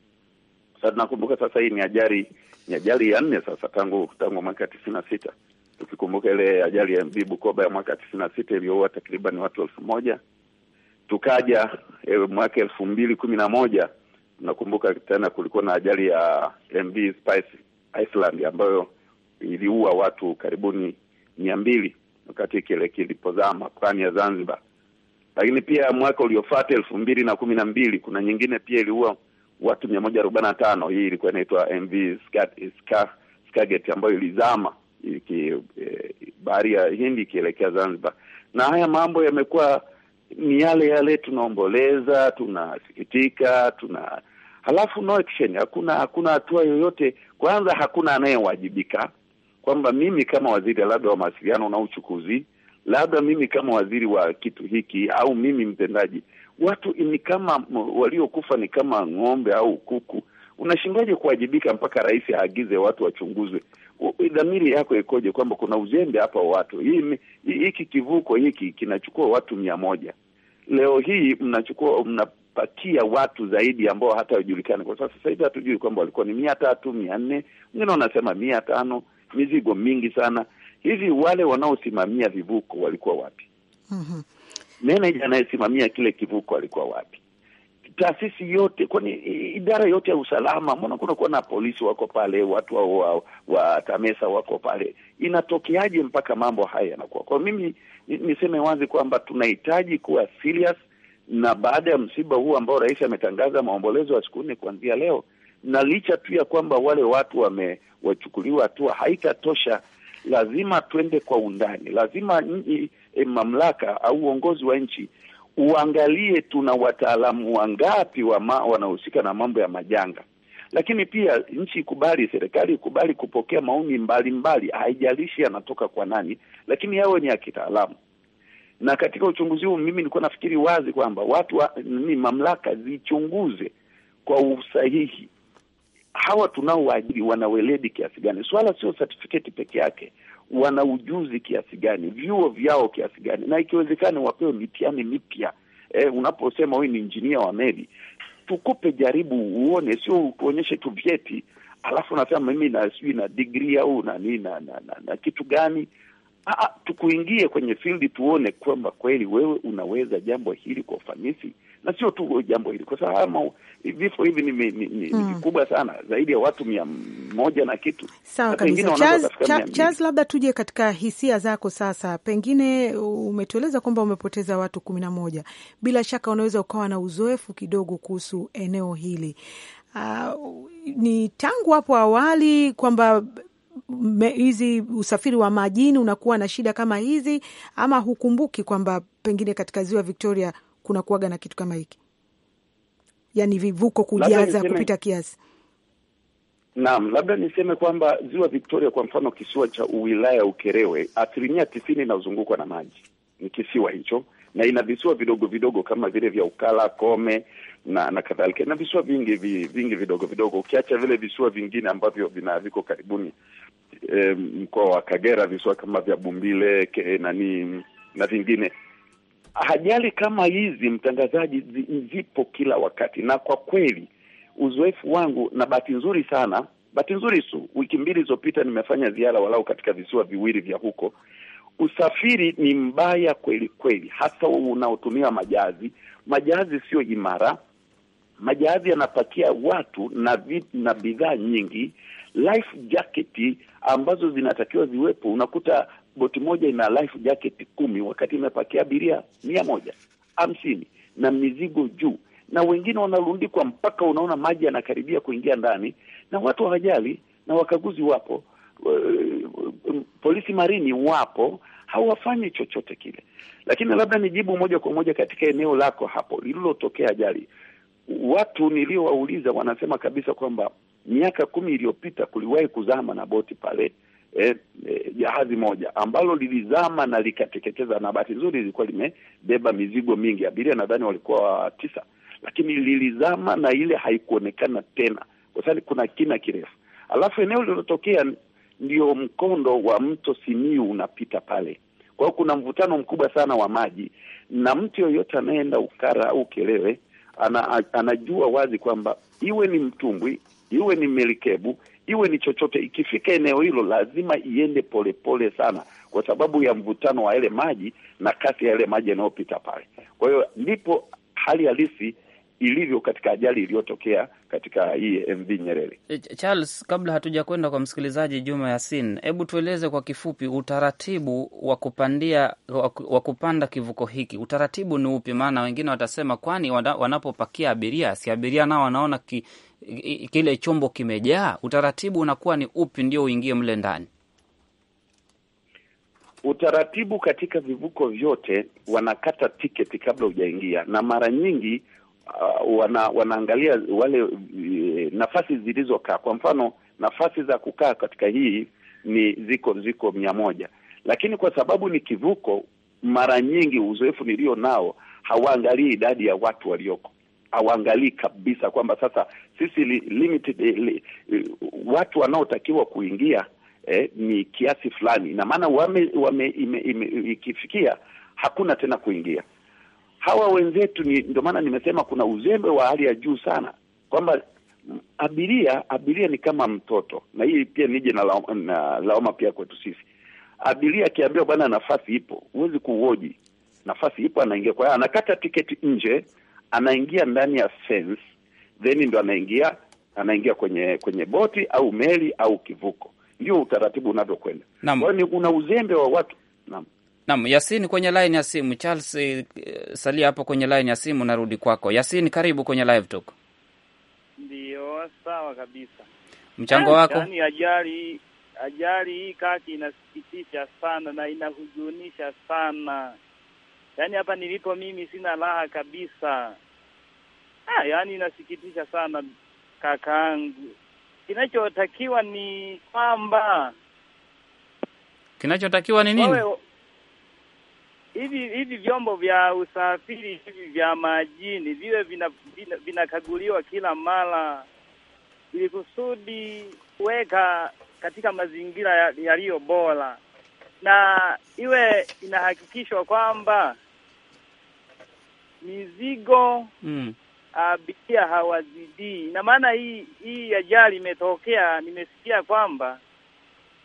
Sasa tunakumbuka sasa hii ni ajali ni ajali ya nne sasa tangu tangu mwaka tisini na sita tukikumbuka ile ajali ya MV Bukoba ya mwaka tisini na sita iliyoua takriban watu elfu moja tukaja eh, mwaka elfu mbili kumi na moja nakumbuka tena kulikuwa na ajali ya MV Spice Iceland ambayo iliua watu karibuni mia mbili wakati kile kilipozama pwani ya Zanzibar. Lakini pia mwaka uliofuata elfu mbili na kumi na mbili kuna nyingine pia iliua watu mia moja arobaini na tano. Hii ilikuwa inaitwa MV Skagit ambayo ilizama iki, e, bahari ya Hindi ikielekea Zanzibar. Na haya mambo yamekuwa ni yale yale, tunaomboleza, tunasikitika, tuna halafu no action, hakuna hakuna hatua yoyote. Kwanza hakuna anayewajibika kwamba mimi kama waziri labda wa mawasiliano na uchukuzi, labda mimi kama waziri wa kitu hiki, au mimi mtendaji, watu ni kama waliokufa ni kama ng'ombe au kuku. Unashindwaje kuwajibika mpaka rais aagize watu wachunguzwe? Dhamiri yako ikoje kwamba kuna uzembe hapa wa watu? hiki kivuko hiki kinachukua watu mia moja leo hii mnachukua mnapakia watu zaidi ambao hata hawajulikani kwa sasa. Sasa hivi hatujui kwamba walikuwa ni mia tatu mia nne wengine wanasema mia tano mizigo mingi sana. Hivi wale wanaosimamia vivuko walikuwa wapi? mm -hmm. anayesimamia kile kivuko alikuwa wapi? Taasisi yote, kwani idara yote ya usalama, mbona kunakuwa na polisi wako pale, watu wao wa, wa TAMESA wako pale? Inatokeaje mpaka mambo haya yanakuwa? Kwa mimi niseme wazi kwamba tunahitaji kuwa serious, na baada ya msiba huu ambao rais ametangaza maombolezo ya siku nne kuanzia leo, na licha tu ya kwamba wale watu wamewachukuliwa hatua, haitatosha. Lazima twende kwa undani, lazima nyi e, mamlaka au uongozi wa nchi uangalie tuna wataalamu wangapi wa wanaohusika na mambo ya majanga, lakini pia nchi ikubali, serikali ikubali kupokea maoni mbalimbali, haijalishi yanatoka kwa nani, lakini yawe ni ya kitaalamu. Na katika uchunguzi huu mimi nilikuwa nafikiri wazi kwamba watu wa, ni mamlaka zichunguze kwa usahihi hawa tunaowaajiri wana weledi kiasi gani? Swala sio certificate peke yake, wana ujuzi kiasi gani, vyuo vyao kiasi gani, na ikiwezekana wapewe mitihani mipya. Eh, unaposema huyu ni injinia wa meli, tukupe jaribu uone, sio tuonyeshe tu vyeti alafu nasema mimi na sijui na degree au na nini na, na, na, na kitu gani. Aa, ah, ah, tukuingie kwenye field tuone kwamba kweli wewe unaweza jambo hili kwa ufanisi na sio tu jambo hili, kwa sababu vifo hivi ni hmm. vikubwa hmm, sana zaidi ya watu mia moja na kitu. Sawa kabisa, Chaz, Charles, labda tuje katika hisia zako sasa. Pengine umetueleza kwamba umepoteza watu kumi na moja, bila shaka unaweza ukawa na uzoefu kidogo kuhusu eneo hili. Uh, ni tangu hapo awali kwamba hizi usafiri wa majini unakuwa na shida kama hizi, ama hukumbuki kwamba pengine katika ziwa Victoria kuna na kitu kama hiki, yaani vivuko kujaza kupita kiasi. Naam, labda niseme kwamba ziwa Victoria kwa mfano, kisiwa cha wilaya Ukerewe, asilimia tisini inazungukwa na maji, ni kisiwa hicho, na ina visiwa vidogo vidogo kama vile vya Ukala, Kome na na kadhalika, na visiwa vingi vingi vidogo vidogo, ukiacha vile visiwa vingine ambavyo vina viko karibuni e, mkoa wa Kagera, visiwa kama vya Bumbile ke, nani na vingine ajali kama hizi mtangazaji, zipo kila wakati, na kwa kweli uzoefu wangu na bahati nzuri sana, bahati nzuri su, wiki mbili zilizopita nimefanya ziara walau katika visiwa viwili vya huko. Usafiri ni mbaya kweli kweli, hasa unaotumia majazi. Majazi sio imara, majazi yanapakia watu na vi, na bidhaa nyingi. Life jacket ambazo zinatakiwa ziwepo, unakuta boti moja ina life jacket kumi wakati imepakia abiria mia moja hamsini na mizigo juu, na wengine wanarundikwa mpaka unaona maji yanakaribia kuingia ndani, na watu hawajali, na wakaguzi wapo, eh, polisi marini wapo, hawafanyi chochote kile. Lakini labda nijibu moja kwa moja katika eneo lako hapo lililotokea ajali. Watu niliowauliza wanasema kabisa kwamba miaka kumi iliyopita kuliwahi kuzama na boti pale eh, eh, jahazi moja ambalo lilizama na likateketeza, na bahati nzuri lilikuwa limebeba mizigo mingi, abiria nadhani walikuwa tisa, lakini lilizama na ile haikuonekana tena, kwa sababu kuna kina kirefu. Alafu eneo lililotokea ndio mkondo wa mto Simiu unapita pale, kwa hiyo kuna mvutano mkubwa sana wa maji, na mtu yoyote anayeenda Ukara au Ukerewe ana, anajua wazi kwamba iwe ni mtumbwi iwe ni melikebu iwe ni chochote, ikifika eneo hilo lazima iende polepole pole sana, kwa sababu ya mvutano wa yale maji na kasi ya yale maji yanayopita pale. Kwa hiyo ndipo hali halisi ilivyo katika ajali iliyotokea katika hii MV Nyerere. Eh, Charles, kabla kwenda kwa msikilizaji Juma Yasin, hebu tueleze kwa kifupi utaratibu wa kupandia wa kupanda kivuko hiki, utaratibu ni upi? Maana wengine watasema kwani wanapopakia abiria, si abiria nao wanaona ki, kile chombo kimejaa, utaratibu unakuwa ni upi ndio uingie mle ndani? Utaratibu katika vivuko vyote wanakata tiketi kabla hujaingia, na mara nyingi uh, wana, wanaangalia wale uh, nafasi zilizokaa. Kwa mfano nafasi za kukaa katika hii ni ziko ziko mia moja, lakini kwa sababu ni kivuko, mara nyingi uzoefu nilio nao hawaangalii idadi ya watu walioko hawaangalii kabisa kwamba sasa sisi li, limited, eh, li, eh, watu wanaotakiwa kuingia eh, ni kiasi fulani, na maana wame, wame ime, ime, ikifikia hakuna tena kuingia. Hawa wenzetu ni ndio maana nimesema kuna uzembe wa hali ya juu sana kwamba abiria abiria ni kama mtoto, na hii pia nije na laoma, na laoma pia kwetu sisi. Abiria akiambiwa bwana, nafasi ipo, huwezi kuuoji, nafasi ipo, anaingia. Kwa anakata tiketi nje anaingia ndani ya fence, then ndo anaingia anaingia kwenye kwenye boti au meli au kivuko. Ndio utaratibu unavyokwenda. Kwa hiyo una uzembe wa watu. Naam. Naam, Yasin kwenye line ya simu. Charles, eh, salia hapo kwenye line ya simu, narudi kwako. Yasin, karibu kwenye live talk. Ndio, sawa kabisa. Mchango yaani, wako. Yaani ajali ajali hii kaki inasikitisha sana na inahuzunisha sana. Yaani hapa nilipo mimi sina raha kabisa. Ah, yaani inasikitisha sana kakaangu. Kinachotakiwa ni kwamba kinachotakiwa ni nini? Hivi hivi vyombo vya usafiri hivi vya majini viwe vinakaguliwa vina, vina kila mara ili kusudi kuweka katika mazingira yaliyo bora na iwe inahakikishwa kwamba mizigo mm abiria hawazidii. Na maana hii hii ajali imetokea, nimesikia kwamba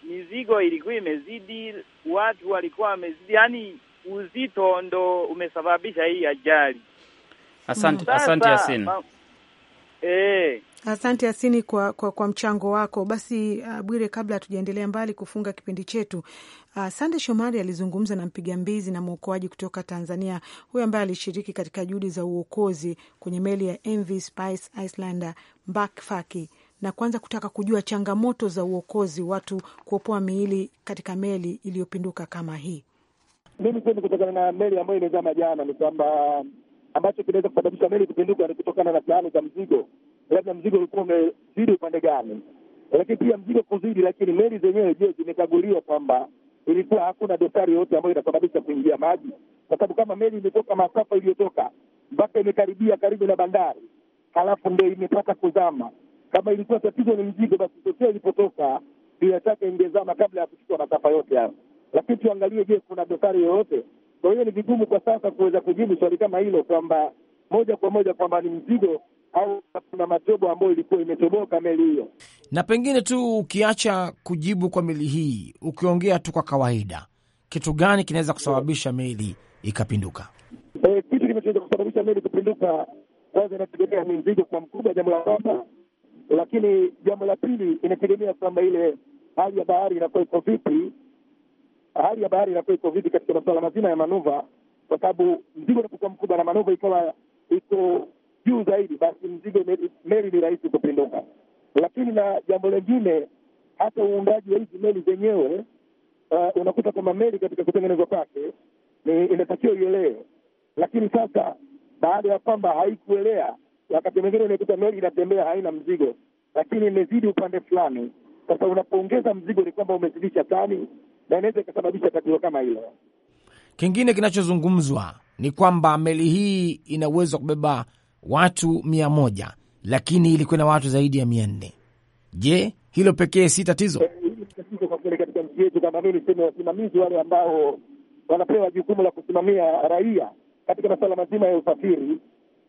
mizigo ilikuwa imezidi, watu walikuwa wamezidi, yani uzito ndo umesababisha hii ajali. Asante, asante Yasin. Eh. Asante Asini kwa, kwa, kwa mchango wako. Basi uh, Bwire, kabla hatujaendelea mbali kufunga kipindi chetu uh, Sande Shomari alizungumza na mpiga mbizi na mwokoaji kutoka Tanzania huyo ambaye alishiriki katika juhudi za uokozi kwenye meli ya MV Spice Islander Mbakfaki na kwanza kutaka kujua changamoto za uokozi, watu kuopoa miili katika meli iliyopinduka kama hii. Mimi kutokana na meli ambayo imezama jana, ni kwamba ambacho kinaweza kusababisha meli kupinduka ni kutokana na tayari za mzigo, labda mzigo ulikuwa umezidi upande gani, lakini pia mzigo kuzidi. Lakini meli zenyewe, je, zimekaguliwa kwamba ilikuwa hakuna dosari yoyote ambayo inasababisha kuingia maji? Kwa sababu kama meli imetoka masafa iliyotoka mpaka imekaribia karibu na bandari, halafu ndo imepata kuzama, kama ilikuwa tatizo ni mzigo, basi tokea ilipotoka bila shaka ingezama kabla ya kuchukua masafa yote hayo. Lakini tuangalie, je, kuna dosari yoyote kwa hiyo ni vigumu kwa sasa kuweza kujibu swali kama hilo kwamba moja kwa moja kwamba ni mzigo au kuna matobo ambayo ilikuwa imetoboka meli hiyo. Na pengine tu ukiacha kujibu kwa meli hii, ukiongea tu kwa kawaida, kitu gani kinaweza kusababisha meli ikapinduka? E, kitu kinachoweza kusababisha meli kupinduka, kwanza inategemea ni mzigo kwa mkubwa, jambo la kwanza. Lakini jambo la pili inategemea kwamba ile hali ya bahari inakuwa iko vipi hali ya bahari inakuwa iko vipi katika masuala mazima ya manuva, kwa sababu mzigo unapokuwa mkubwa na manuva ikawa iko juu zaidi, basi mzigo meli ni rahisi kupinduka. Lakini na jambo lingine, hata uundaji wa hizi meli zenyewe uh, unakuta kwamba meli katika kutengenezwa kwake ni inatakiwa ielee, lakini sasa baada ya kwamba haikuelea, wakati mwingine unakuta meli inatembea haina mzigo, lakini imezidi upande fulani. Sasa unapoongeza mzigo ni kwamba umezidisha tani na inaweza ikasababisha tatizo kama hilo. Kingine kinachozungumzwa ni kwamba meli hii ina uwezo wa kubeba watu mia moja lakini ilikuwa na watu zaidi ya mia nne. Je, hilo pekee si tatizo? Eh, tatizo kwa kweli katika nchi yetu, kama mimi niseme, wasimamizi wale ambao wanapewa jukumu la kusimamia raia katika masuala mazima ya usafiri,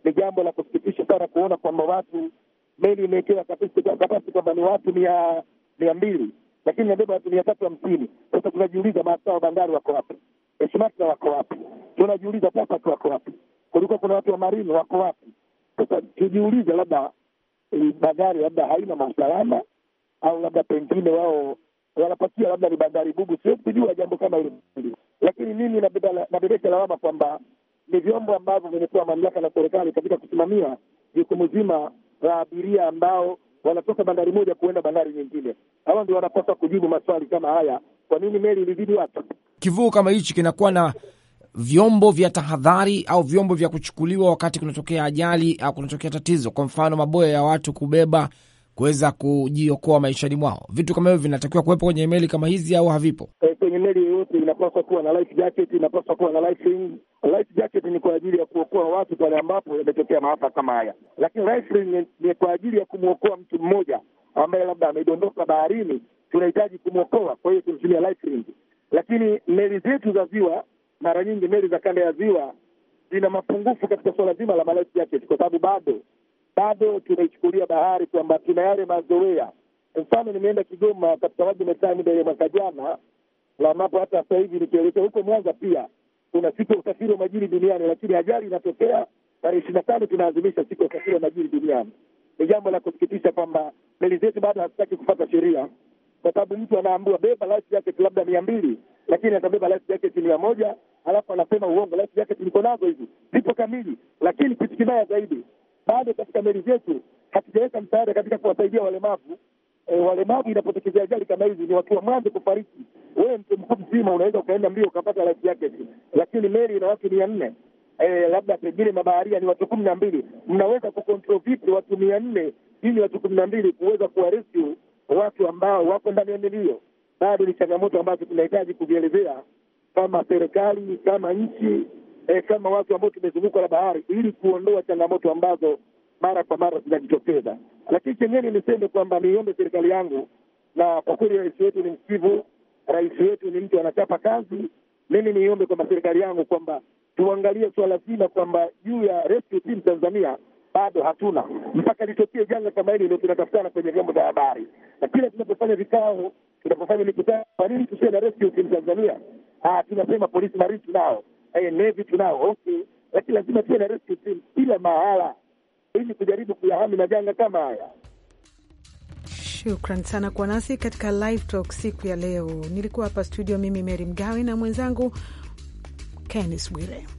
ni jambo la kusikitisha sana kuona kwamba watu meli imewekewa kapasiti kwamba ni watu mia mbili lakini nabeba watu mia tatu hamsini. Sasa tunajiuliza maafisa wa bandari wako wapi? Eshimata wako wapi? Tunajiuliza TASAC wako wapi? Kulikuwa kuna watu wa marini wako wapi? Sasa tujiulize, labda eh, bandari labda haina mausalama au labda pengine wao wanapatia labda ni bandari bugu sio kujua jambo kama hilo, lakini mimi nabebesha lawama kwamba ni vyombo ambavyo vimepewa mamlaka na serikali katika kusimamia jukumu zima la abiria ambao wanatoka bandari moja kuenda bandari nyingine. Hawa ndio wanapaswa kujibu maswali kama haya, kwa nini meli ilizidi watu. Kivuko kama hichi kinakuwa na vyombo vya tahadhari au vyombo vya kuchukuliwa wakati kunatokea ajali au kunatokea tatizo, kwa mfano maboya ya watu kubeba kuweza kujiokoa maishani mwao. Vitu kama hivyo vinatakiwa kuwepo kwenye meli kama hizi au havipo? E, kwenye meli yoyote inapaswa kuwa na life jacket, inapaswa kuwa na life ring. Life jacket ni kwa ajili ya kuokoa watu pale ambapo yametokea maafa kama haya, lakini life ring ni kwa ajili ya kumwokoa mtu mmoja ambaye labda amedondoka baharini, tunahitaji kumwokoa, kwa hiyo tunatumia life ring. Lakini meli zetu za ziwa, mara nyingi meli za kanda ya ziwa zina mapungufu katika suala zima la life jacket, kwa sababu bado bado tunaichukulia bahari kwamba tuna yale mazoea. Mfano, nimeenda Kigoma katika maji metaa muda ya mwaka jana Lamapo, hata sasa hivi nikielekea huko Mwanza pia kuna siku ya usafiri wa majini duniani, lakini ajali inatokea tarehe ishirini na tano tunaadhimisha siku ya usafiri wa majini duniani. Ni jambo la kusikitisha kwamba meli zetu bado hazitaki kufata sheria, kwa sababu mtu anaambiwa beba life jacket labda mia mbili, lakini atabeba life jacket mia moja alafu anasema uongo, life jacket niko nazo hivi, zipo kamili, lakini kibaya zaidi bado katika meli zetu hatujaweka msaada katika kuwasaidia walemavu. E, walemavu inapotokezea ajali kama hizi ni watu wa mwanzo kufariki. Wewe mtu mkuu mzima unaweza ukaenda mbio ukapata yake tu, lakini meli ina watu mia nne e, labda pengine mabaharia ni watu kumi na mbili. Mnaweza kukontrol vipi watu mia nne ili watu kumi na mbili kuweza kuwarescue watu ambao wako ndani ya meli hiyo? Bado ni changamoto ambazo tunahitaji kuvielezea kama serikali, kama nchi eh, kama watu ambao tumezungukwa na bahari, ili kuondoa changamoto ambazo mara kwa mara zinajitokeza. Lakini chengeni niseme kwamba niombe serikali yangu, na kwa kweli rais wetu ni msikivu, rais wetu ni mtu anachapa kazi. Mimi niombe kwamba serikali yangu kwamba tuangalie suala zima kwamba juu ya rescue team Tanzania bado hatuna mpaka litokee janga kama hili, ndio tunatafutana kwenye vyombo vya habari, na kila tunapofanya vikao, tunapofanya mikutano, kwa nini tusiwe na rescue team Tanzania? Ah, tunasema polisi maritu nao eh, levi tunao okay, lakini lazima pia na rescue team kila mahala ili kujaribu kuyahami majanga kama haya. Shukran sana kwa nasi katika live talk siku ya leo. Nilikuwa hapa studio, mimi mary Mgawe na mwenzangu kenis Bwire.